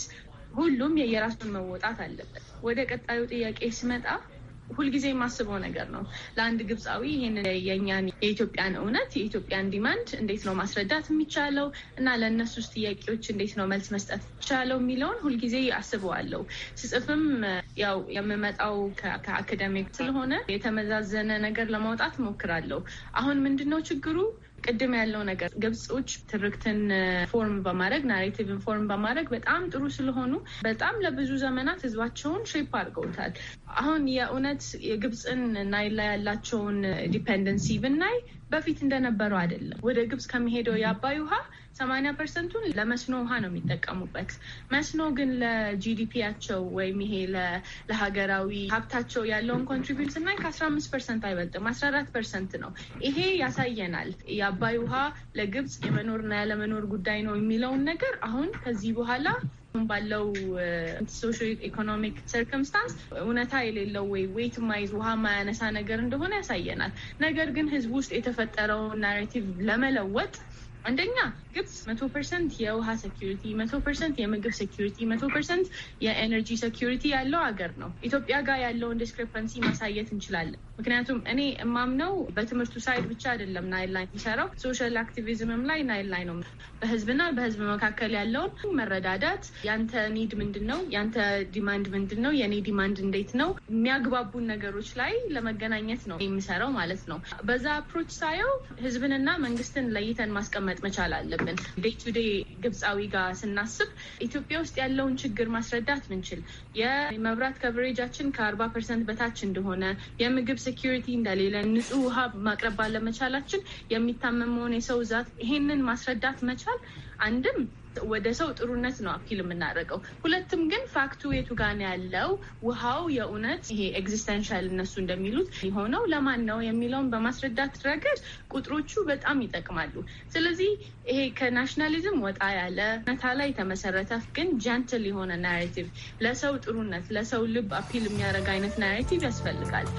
ሁሉም የየራሱን መወጣት አለበት። ወደ ቀጣዩ ጥያቄ ስመጣ ሁልጊዜ የማስበው ነገር ነው። ለአንድ ግብፃዊ ይህን የእኛን የኢትዮጵያን እውነት የኢትዮጵያን ዲማንድ እንዴት ነው ማስረዳት የሚቻለው እና ለእነሱ ውስጥ ጥያቄዎች እንዴት ነው መልስ መስጠት የሚቻለው የሚለውን ሁልጊዜ አስበዋለሁ። ስጽፍም ያው የምመጣው ከአካዳሚክ ስለሆነ የተመዛዘነ ነገር ለማውጣት እሞክራለሁ አሁን ምንድን ነው ችግሩ? ቅድም ያለው ነገር ግብጾች ትርክትን ፎርም በማድረግ ናሬቲቭን ፎርም በማድረግ በጣም ጥሩ ስለሆኑ በጣም ለብዙ ዘመናት ህዝባቸውን ሼፕ አድርገውታል። አሁን የእውነት የግብፅን ናይል ላይ ያላቸውን ዲፐንደንሲ ብናይ በፊት እንደነበረው አይደለም። ወደ ግብጽ ከሚሄደው የአባይ ውሃ ሰማኒያ ፐርሰንቱን ለመስኖ ውሃ ነው የሚጠቀሙበት። መስኖ ግን ለጂዲፒያቸው ወይም ይሄ ለሀገራዊ ሀብታቸው ያለውን ኮንትሪቢዩት ስናይ ከአስራ አምስት ፐርሰንት አይበልጥም፣ አስራ አራት ፐርሰንት ነው። ይሄ ያሳየናል የአባይ ውሃ ለግብጽ የመኖርና ያለመኖር ጉዳይ ነው የሚለውን ነገር አሁን ከዚህ በኋላ አሁን ባለው ሶሽ ኢኮኖሚክ ሰርክምስታንስ እውነታ የሌለው ወይ ዌት ማይዝ ውሃ ማያነሳ ነገር እንደሆነ ያሳየናል። ነገር ግን ህዝብ ውስጥ የተፈጠረውን ናሬቲቭ ለመለወጥ አንደኛ ግብጽ መቶ ፐርሰንት የውሃ ሴኪሪቲ፣ መቶ ፐርሰንት የምግብ ሴኪሪቲ፣ መቶ ፐርሰንት የኤነርጂ ሴኪሪቲ ያለው ሀገር ነው። ኢትዮጵያ ጋር ያለውን ዲስክሪፐንሲ ማሳየት እንችላለን። ምክንያቱም እኔ እማምነው በትምህርቱ ሳይድ ብቻ አይደለም ናይል ላይ የሚሰራው ሶሻል አክቲቪዝምም ላይ ናይል ላይ ነው። በህዝብና በህዝብ መካከል ያለውን መረዳዳት፣ ያንተ ኒድ ምንድን ነው፣ ያንተ ዲማንድ ምንድን ነው፣ የኔ ዲማንድ እንዴት ነው፣ የሚያግባቡን ነገሮች ላይ ለመገናኘት ነው የሚሰራው ማለት ነው። በዛ አፕሮች ሳየው ህዝብንና መንግስትን ለይተን ማስቀመጥ ማስቀመጥ መቻል አለብን። ዴይ ቱ ዴይ ግብፃዊ ጋር ስናስብ ኢትዮጵያ ውስጥ ያለውን ችግር ማስረዳት ምንችል የመብራት ከቨሬጃችን ከአርባ ፐርሰንት በታች እንደሆነ፣ የምግብ ሴኪሪቲ እንደሌለ፣ ንጹህ ውሃ ማቅረብ ባለመቻላችን የሚታመመውን የሰው ዛት ይሄንን ማስረዳት መቻል አንድም ወደ ሰው ጥሩነት ነው አፒል የምናደርገው። ሁለትም ግን ፋክቱ የቱ ጋን ያለው ውሃው የእውነት ይሄ ኤግዚስተንሻል እነሱ እንደሚሉት የሆነው ለማን ነው የሚለውን በማስረዳት ረገድ ቁጥሮቹ በጣም ይጠቅማሉ። ስለዚህ ይሄ ከናሽናሊዝም ወጣ ያለ እውነታ ላይ የተመሰረተ ግን ጀንትል የሆነ ናሬቲቭ ለሰው ጥሩነት፣ ለሰው ልብ አፒል የሚያደርግ አይነት ናሬቲቭ ያስፈልጋል።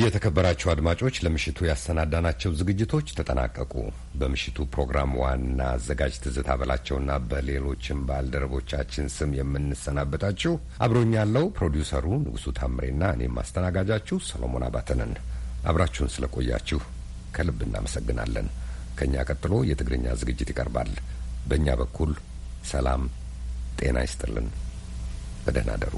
የተከበራችሁ አድማጮች ለምሽቱ ያሰናዳናቸው ዝግጅቶች ተጠናቀቁ። በምሽቱ ፕሮግራም ዋና አዘጋጅ ትዝታ በላቸውና በሌሎችም ባልደረቦቻችን ስም የምንሰናበታችሁ አብሮኝ ያለው ፕሮዲውሰሩ ንጉሱ ታምሬና እኔም አስተናጋጃችሁ ሰሎሞን አባተንን አብራችሁን ስለቆያችሁ ከልብ እናመሰግናለን። ከእኛ ቀጥሎ የትግርኛ ዝግጅት ይቀርባል። በእኛ በኩል ሰላም ጤና ይስጥልን። በደህና ደሩ።